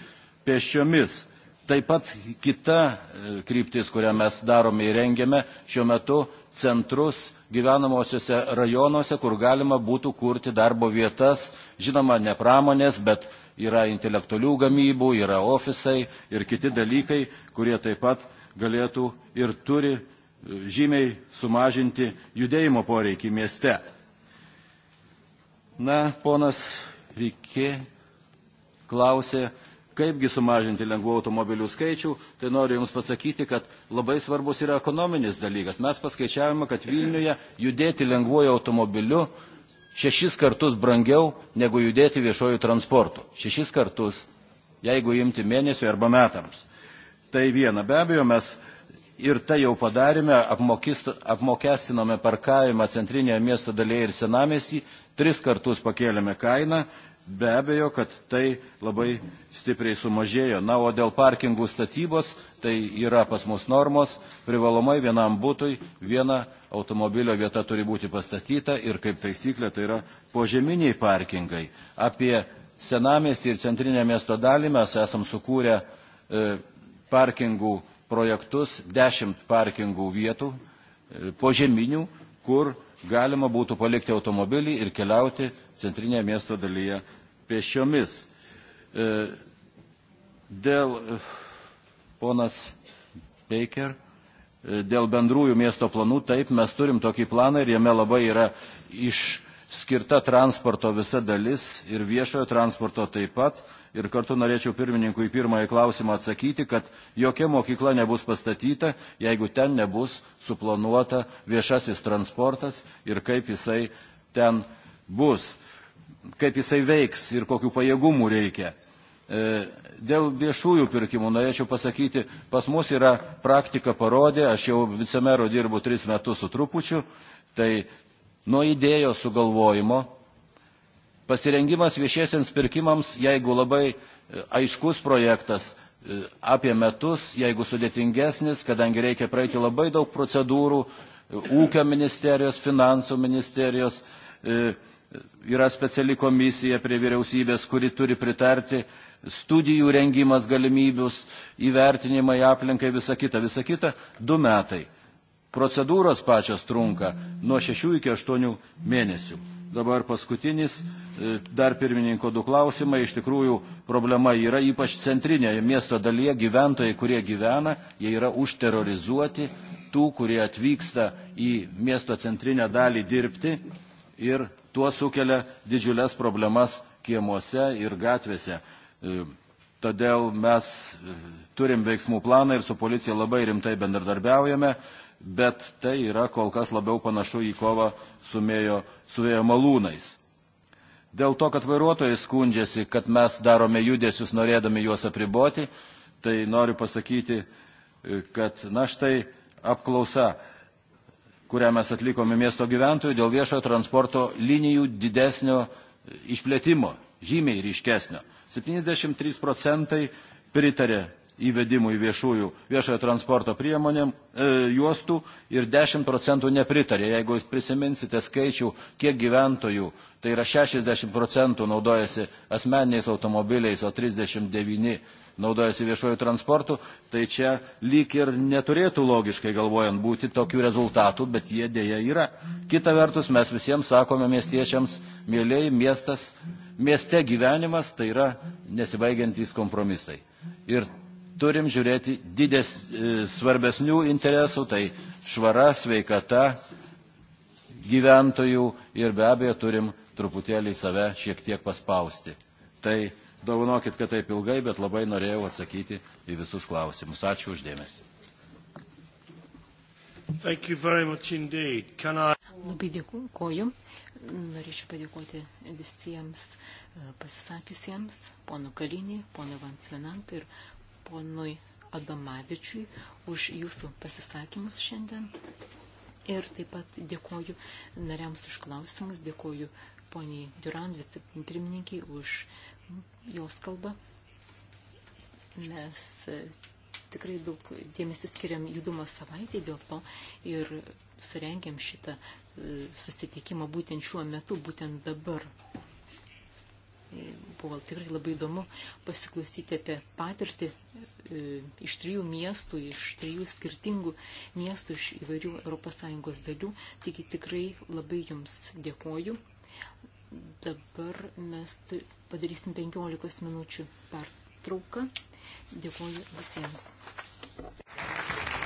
pėsčiomis. Taip pat kita e, kryptis, kurią mes darome ir rengiame šiuo metu centrus gyvenamosiuose rajonuose, kur galima būtų kurti darbo vietas, žinoma, ne pramonės, bet yra intelektualių gamybų, yra ofisai ir kiti dalykai, kurie taip pat galėtų ir turi e, žymiai sumažinti judėjimo poreikį mieste. Na, ponas Rikė klausė, kaipgi sumažinti lengvų automobilių skaičių, tai noriu Jums pasakyti, kad labai svarbus yra ekonominis dalykas. Mes paskaičiavome, kad Vilniuje judėti lengvuoju automobiliu šešis kartus brangiau negu judėti viešojų transportų. Šešis kartus, jeigu imti mėnesių arba metams. Tai viena, be abejo, mes ir tai jau padarėme, apmokestinome parkavimą centrinėje miesto dalyje ir senamėsi, tris kartus pakėlėme kainą Be abejo, kad tai labai stipriai sumažėjo. Na, o dėl parkingų statybos, tai yra pas mus normos, privalomai vienam būtui viena automobilio vieta turi būti pastatyta ir kaip taisyklė tai yra požeminiai parkingai. Apie senamestį ir centrinę miesto dalį mes esam sukūrę e, parkingų projektus, dešimt parkingų vietų, e, požeminių, kur galima būtų palikti automobilį ir keliauti centrinėje miesto dalyje pėsčiomis. E, dėl e, ponas Baker, e, dėl bendrųjų miesto planų, taip, mes turim tokį planą ir jame labai yra išskirta transporto visa dalis ir viešojo transporto taip pat ir kartu norėčiau pirmininkui pirmąjį klausimą atsakyti, kad jokia mokykla nebus pastatyta, jeigu ten nebus suplanuota viešasis transportas ir kaip jisai ten bus, kaip jisai veiks ir kokių pajėgumų reikia. E, dėl viešųjų pirkimų norėčiau pasakyti, pas mus yra praktika parodė, aš jau vicemeru dirbu tris metus su trupučiu, tai nuo idėjos sugalvojimo Pasirengimas viešiesiams pirkimams, jeigu labai e, aiškus projektas e, apie metus, jeigu sudėtingesnis, kadangi reikia praeiti labai daug procedūrų, e, ūkio ministerijos, finansų ministerijos, yra speciali komisija prie vyriausybės, kuri turi pritarti studijų rengimas galimybius, įvertinimai aplinkai, visa kita, visa kita, du metai. Procedūros pačios trunka nuo 6 iki 8 mėnesių. Dabar paskutinis E, dar pirmininko du klausimai. Iš tikrųjų, problema yra ypač centrinėje miesto dalyje gyventojai, kurie gyvena, jie yra užterorizuoti tų, kurie atvyksta į miesto centrinę dalį dirbti ir tuo sukelia didžiulės problemas kiemuose ir gatvėse. E, todėl mes e, turim veiksmų planą ir su policija labai rimtai bendradarbiaujame, bet tai yra kol kas labiau panašu į kovą su, mėjo, su vėjo malūnais dėl to, kad vairuotojai skundžiasi, kad mes darome judesius norėdami juos apriboti, tai noriu pasakyti, e, kad na štai apklausa, kurią mes atlikome miesto gyventojų dėl viešojo transporto linijų didesnio e, išplėtimo, žymiai ryškesnio. 73 procentai pritarė įvedimui viešųjų, viešojo transporto priemonėm e, juostų ir 10 procentų nepritarė. Jeigu prisiminsite skaičių, kiek gyventojų, tai yra 60 procentų naudojasi asmeniniais automobiliais, o 39 naudojasi viešojų transportų, tai čia lyg ir neturėtų logiškai galvojant būti tokių rezultatų, bet jie dėja yra. Kita vertus, mes visiems sakome miestiečiams, mėlyi miestas, mieste gyvenimas tai yra nesibaigiantys kompromisai. Ir turim žiūrėti didės, e, svarbesnių interesų, tai švara, sveikata gyventojų ir be abejo turim truputėlį save šiek tiek paspausti. Tai Daunokit, kad taip ilgai, bet labai norėjau atsakyti į visus klausimus. Ačiū uždėmesi.
I... Labai dėkuoju. Norėčiau padėkoti visiems e, pasisakiusiems, pono Kalinį, pono Vansvenant ir ponui Adomavičiui už jūsų pasisakymus šiandien. Ir taip pat dėkoju nariams už klausimus, dėkoju poniai Duran, vicepirmininkiai, už jos kalbą. Mes e, tikrai daug dėmesio skiriam judumo savaitėj, dėl to ir surengėm šitą e, susitikimą būtent šiuo metu, būtent dabar buvo tikrai labai įdomu pasiklausyti apie patirtį e, iš trijų miestų, iš trijų skirtingų miestų, iš įvairių ES dalių. Taigi tikrai labai jums dėkoju. Dabar mes padarysim 15 minučių pertrauką. Dėkoju visiems. Thank you.